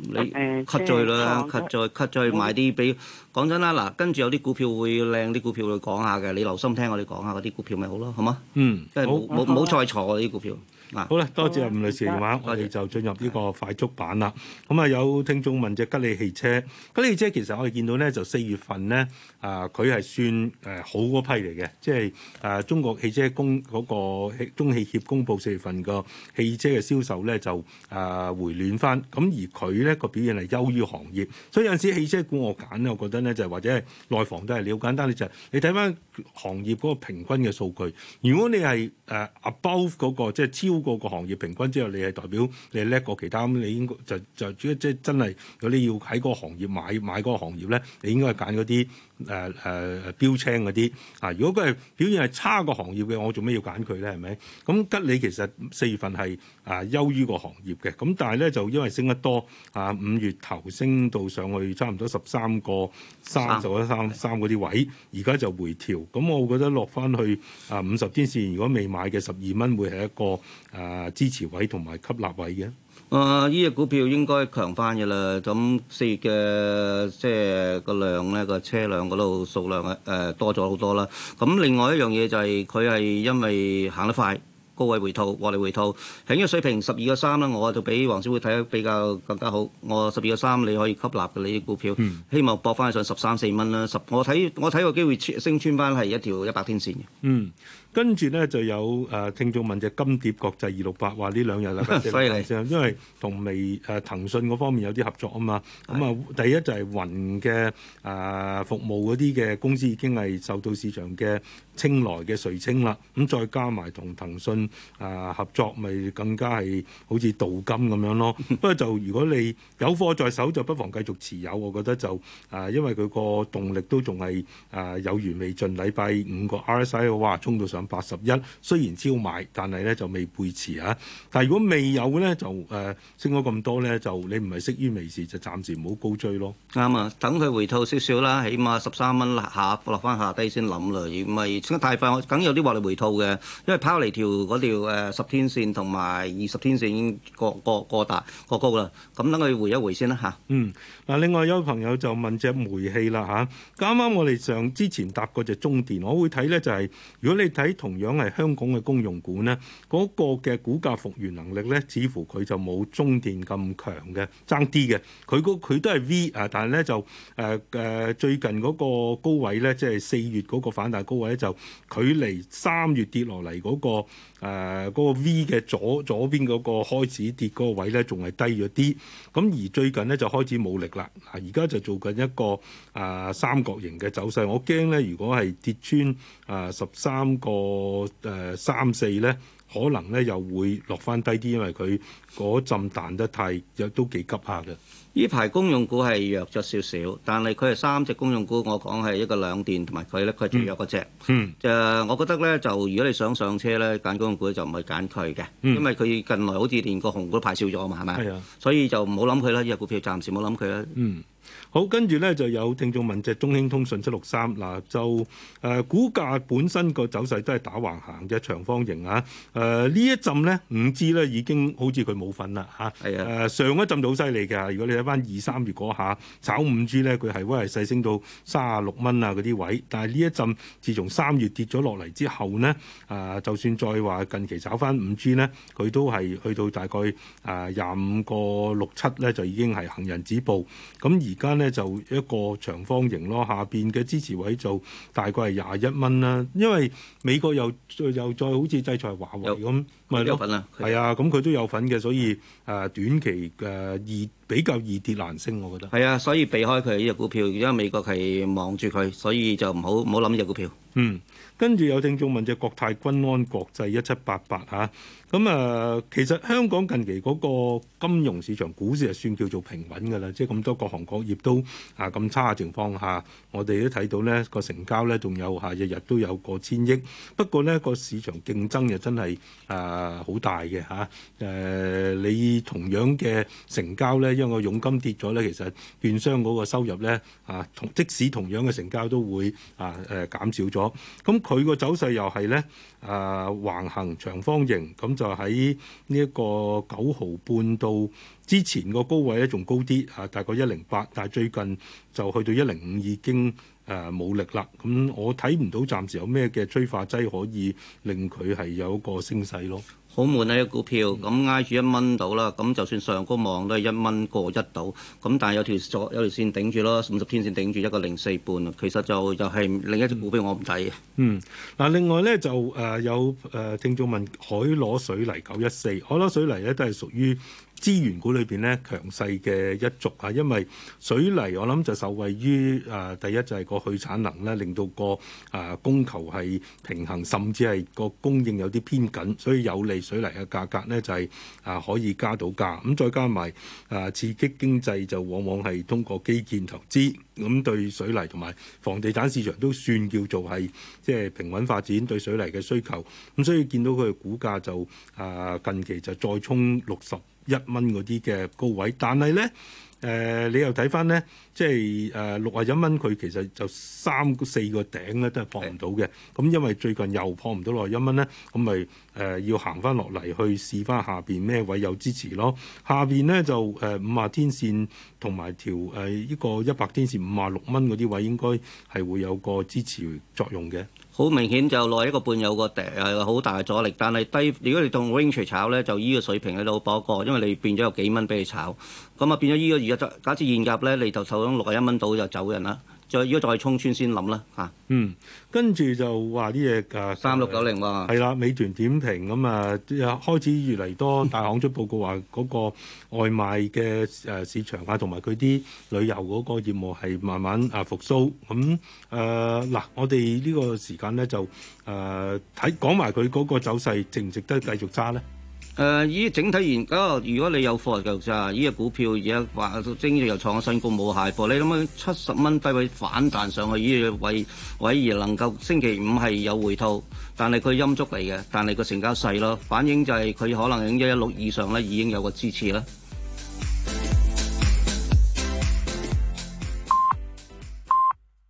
你誒 cut 再啦，cut 再 cut 再買啲俾。講真啦，嗱、啊，跟住有啲股票會靚，啲股票會講下嘅，你留心聽我哋講下嗰啲股票咪好咯，好嗎？嗯，即係冇冇冇再坐啲股票。嗱，好啦，多謝吳女士嘅話，我哋就進入呢個快速版啦。咁、嗯、啊，有聽眾問隻吉利汽車，吉利汽車其實我哋見到咧，就四月份咧。啊，佢係、呃、算誒、呃、好嗰批嚟嘅，即係啊、呃，中國汽車公嗰、那個中汽協公佈四月份個汽車嘅銷售咧就啊、呃、回暖翻，咁而佢咧個表現係優於行業，所以有陣時汽車股我揀咧，我覺得咧就係、是、或者內房都係好簡單、就是、你就係你睇翻行業嗰個平均嘅數據，如果你係誒 above 嗰、那個，即、就、係、是、超過個行業平均之後，你係代表你係叻過其他，咁你應該就就主要即係真係如果你要喺嗰個行業買買嗰個行業咧，你應該係揀嗰啲。誒誒、啊啊、標青嗰啲啊，如果佢係表現係差個行業嘅，我做咩要揀佢咧？係咪？咁吉利其實四月份係啊優於個行業嘅，咁、啊、但係咧就因為升得多啊，五月頭升到上去差唔多十、啊、三個三就一三三嗰啲位，而家的就回調咁，我覺得落翻去啊五十天線，如果未買嘅十二蚊會係一個啊支持位同埋吸納位嘅。啊！呢隻、呃、股票應該強翻嘅啦，咁、嗯、四月嘅即係個量咧個車輛嗰度數量誒多咗好多啦。咁、嗯、另外一樣嘢就係佢係因為行得快，高位回吐，獲利回吐，喺呢個水平十二個三啦，3，我就比黃師傅睇得比較更加好。我十二個三你可以吸納嘅呢啲股票，希望搏翻上十三四蚊啦。十我睇我睇個機會升穿翻係一條一百天線嘅。嗯。跟住咧就有誒聽眾問隻金蝶國際二六八，話呢兩日啊，犀利，因為同微誒騰訊嗰方面有啲合作啊嘛。咁啊的、嗯，第一就係雲嘅誒服務嗰啲嘅公司已經係受到市場嘅青睞嘅垂青啦。咁再加埋同騰訊誒合作，咪更加係好似鍍金咁樣咯。 不過就如果你有貨在手，就不妨繼續持有。我覺得就誒、呃，因為佢個動力都仲係誒有餘未盡，禮拜五個 RSI 嘅話衝到上。八十一，雖然超買，但係咧就未背馳嚇、啊。但係如果未有咧，就誒、呃、升咗咁多咧，就你唔係適於微視，就暫時唔好高追咯。啱啊、嗯，等佢回吐少少啦，起碼十三蚊下落翻下，下，下低先諗啦。如果唔係升得太快，我梗有啲話你回吐嘅，因為拋嚟條嗰條十天線同埋二十天線已經過過過達過高啦。咁等佢回一回先啦吓，嗯，嗱，另外有位朋友就問隻煤氣啦吓，啱、啊、啱我哋上之前搭過隻中電，我會睇咧就係、是、如果你睇。喺同樣係香港嘅公用股呢，嗰、嗰個嘅股價復原能力呢，似乎佢就冇中電咁強嘅，爭啲嘅。佢佢都係 V 啊，但係呢，就誒誒、啊啊、最近嗰個高位呢，即係四月嗰個反彈高位呢，就距離三月跌落嚟嗰個誒、啊嗰個、V 嘅左左邊嗰個開始跌嗰個位呢，仲係低咗啲。咁而最近呢，就開始冇力啦，啊而家就做緊一個啊三角形嘅走勢。我驚呢，如果係跌穿啊十三個。這個誒、呃、三四咧，可能咧又會落翻低啲，因為佢嗰陣彈得太又都幾急下嘅。呢排公用股係弱咗少少，但係佢係三隻公用股，我講係一個兩電同埋佢咧，佢係最弱嗰隻。嗯，就我覺得咧，就如果你想上車咧，揀公用股就唔係揀佢嘅，嗯、因為佢近來好似連個紅股都派少咗嘛，係咪？係啊，所以就唔好諗佢啦，呢隻股票暫時冇諗佢啦。嗯。好，跟住咧就有聽眾問隻中興通訊七六三，嗱就誒股價本身個走勢都係打橫行嘅長方形啊，誒、呃、呢一陣呢，五 G 呢已經好似佢冇份啦嚇，誒、啊、的上一陣就好犀利嘅，如果你睇翻二三月嗰下炒五 G 呢，佢係威係勢升到三十六蚊啊嗰啲位，但係呢一陣自從三月跌咗落嚟之後呢，誒、呃、就算再話近期炒翻五 G 呢，佢都係去到大概誒廿五個六七呢，呃、就已經係行人止步，咁而間咧就一個長方形咯，下邊嘅支持位就大概係廿一蚊啦。因為美國又又再好似制裁華為咁，係有，咁樣有份啊，係啊，咁佢都有份嘅，所以誒、呃、短期嘅二。呃比較易跌難升，我覺得係啊，所以避開佢呢隻股票，因為美國係望住佢，所以就唔好唔好諗呢隻股票。嗯，跟住有聽眾問隻國泰君安國際一七八八嚇，咁啊，其實香港近期嗰個金融市場股市係算叫做平穩㗎啦，即係咁多各行各業都啊咁差嘅情況下，我哋都睇到呢個成交呢，仲有嚇日日都有過千億，不過呢個市場競爭又真係啊好大嘅嚇誒，你同樣嘅成交呢。因為佣金跌咗咧，其實券商嗰個收入咧啊，同即使同樣嘅成交都會啊誒減少咗。咁佢個走勢又係咧啊橫行長方形，咁就喺呢一個九毫半到之前個高位咧仲高啲啊，大概一零八，但係最近就去到一零五已經誒冇力啦。咁我睇唔到暫時有咩嘅催化劑可以令佢係有一個升勢咯。好悶啊！啲、這個、股票咁挨住一蚊到啦，咁就算上高望都係一蚊過一到，咁但係有條左有條線頂住咯，五十天線頂住一個零四半。其實就就係另一隻股票我唔睇嘅。嗯，嗱，另外呢，就誒有誒聽眾問海螺水泥九一四，海螺水泥呢都係屬於。資源股裏邊呢，強勢嘅一族啊，因為水泥我諗就受惠於誒、啊、第一就係個去產能呢，令到、那個誒、啊、供求係平衡，甚至係個供應有啲偏緊，所以有利水泥嘅價格呢，就係、是、啊可以加到價。咁、嗯、再加埋誒、啊、刺激經濟就往往係通過基建投資，咁、嗯、對水泥同埋房地產市場都算叫做係即係平穩發展對水泥嘅需求。咁、嗯、所以見到佢嘅股價就啊近期就再衝六十，一蚊嗰啲嘅高位，但係咧，誒、呃、你又睇返咧，即係誒六啊一蚊，佢、呃、其實就三四個頂咧都係破唔到嘅。咁的因為最近又破唔到六啊一蚊咧，咁咪。誒、呃、要行翻落嚟去試翻下邊咩位有支持咯？下邊咧就誒五啊天線同埋條誒依個一百天線五啊六蚊嗰啲位應該係會有個支持作用嘅。好明顯就落一個半有個誒好大阻力，但係低如果你同 range 炒咧，就依個水平喺度搏過，因為你變咗有幾蚊俾你炒，咁啊變咗依、而家就假設現價咧你就手中六啊一蚊到就走人啦。再如果再衝穿先諗啦嚇。啊、嗯，跟住就話啲嘢誒三六九零喎。係啦、啊，美團點評咁啊，又開始越嚟多大行出報告話嗰個外賣嘅誒市場啊，同埋佢啲旅遊嗰個業務係慢慢啊復甦。咁誒嗱，我哋呢個時間咧就誒睇、呃、講埋佢嗰個走勢，值唔值得繼續揸咧？誒依、uh, 整體研究，如果你有貨嘅就係呢隻股票而家話，今日又創新高，冇下貨。你諗下七十蚊低位反彈上去，依個位而能夠星期五係有回吐，但係佢陰足嚟嘅，但係個成交細咯，反映就係佢可能喺一一六以上咧已經有個支持啦。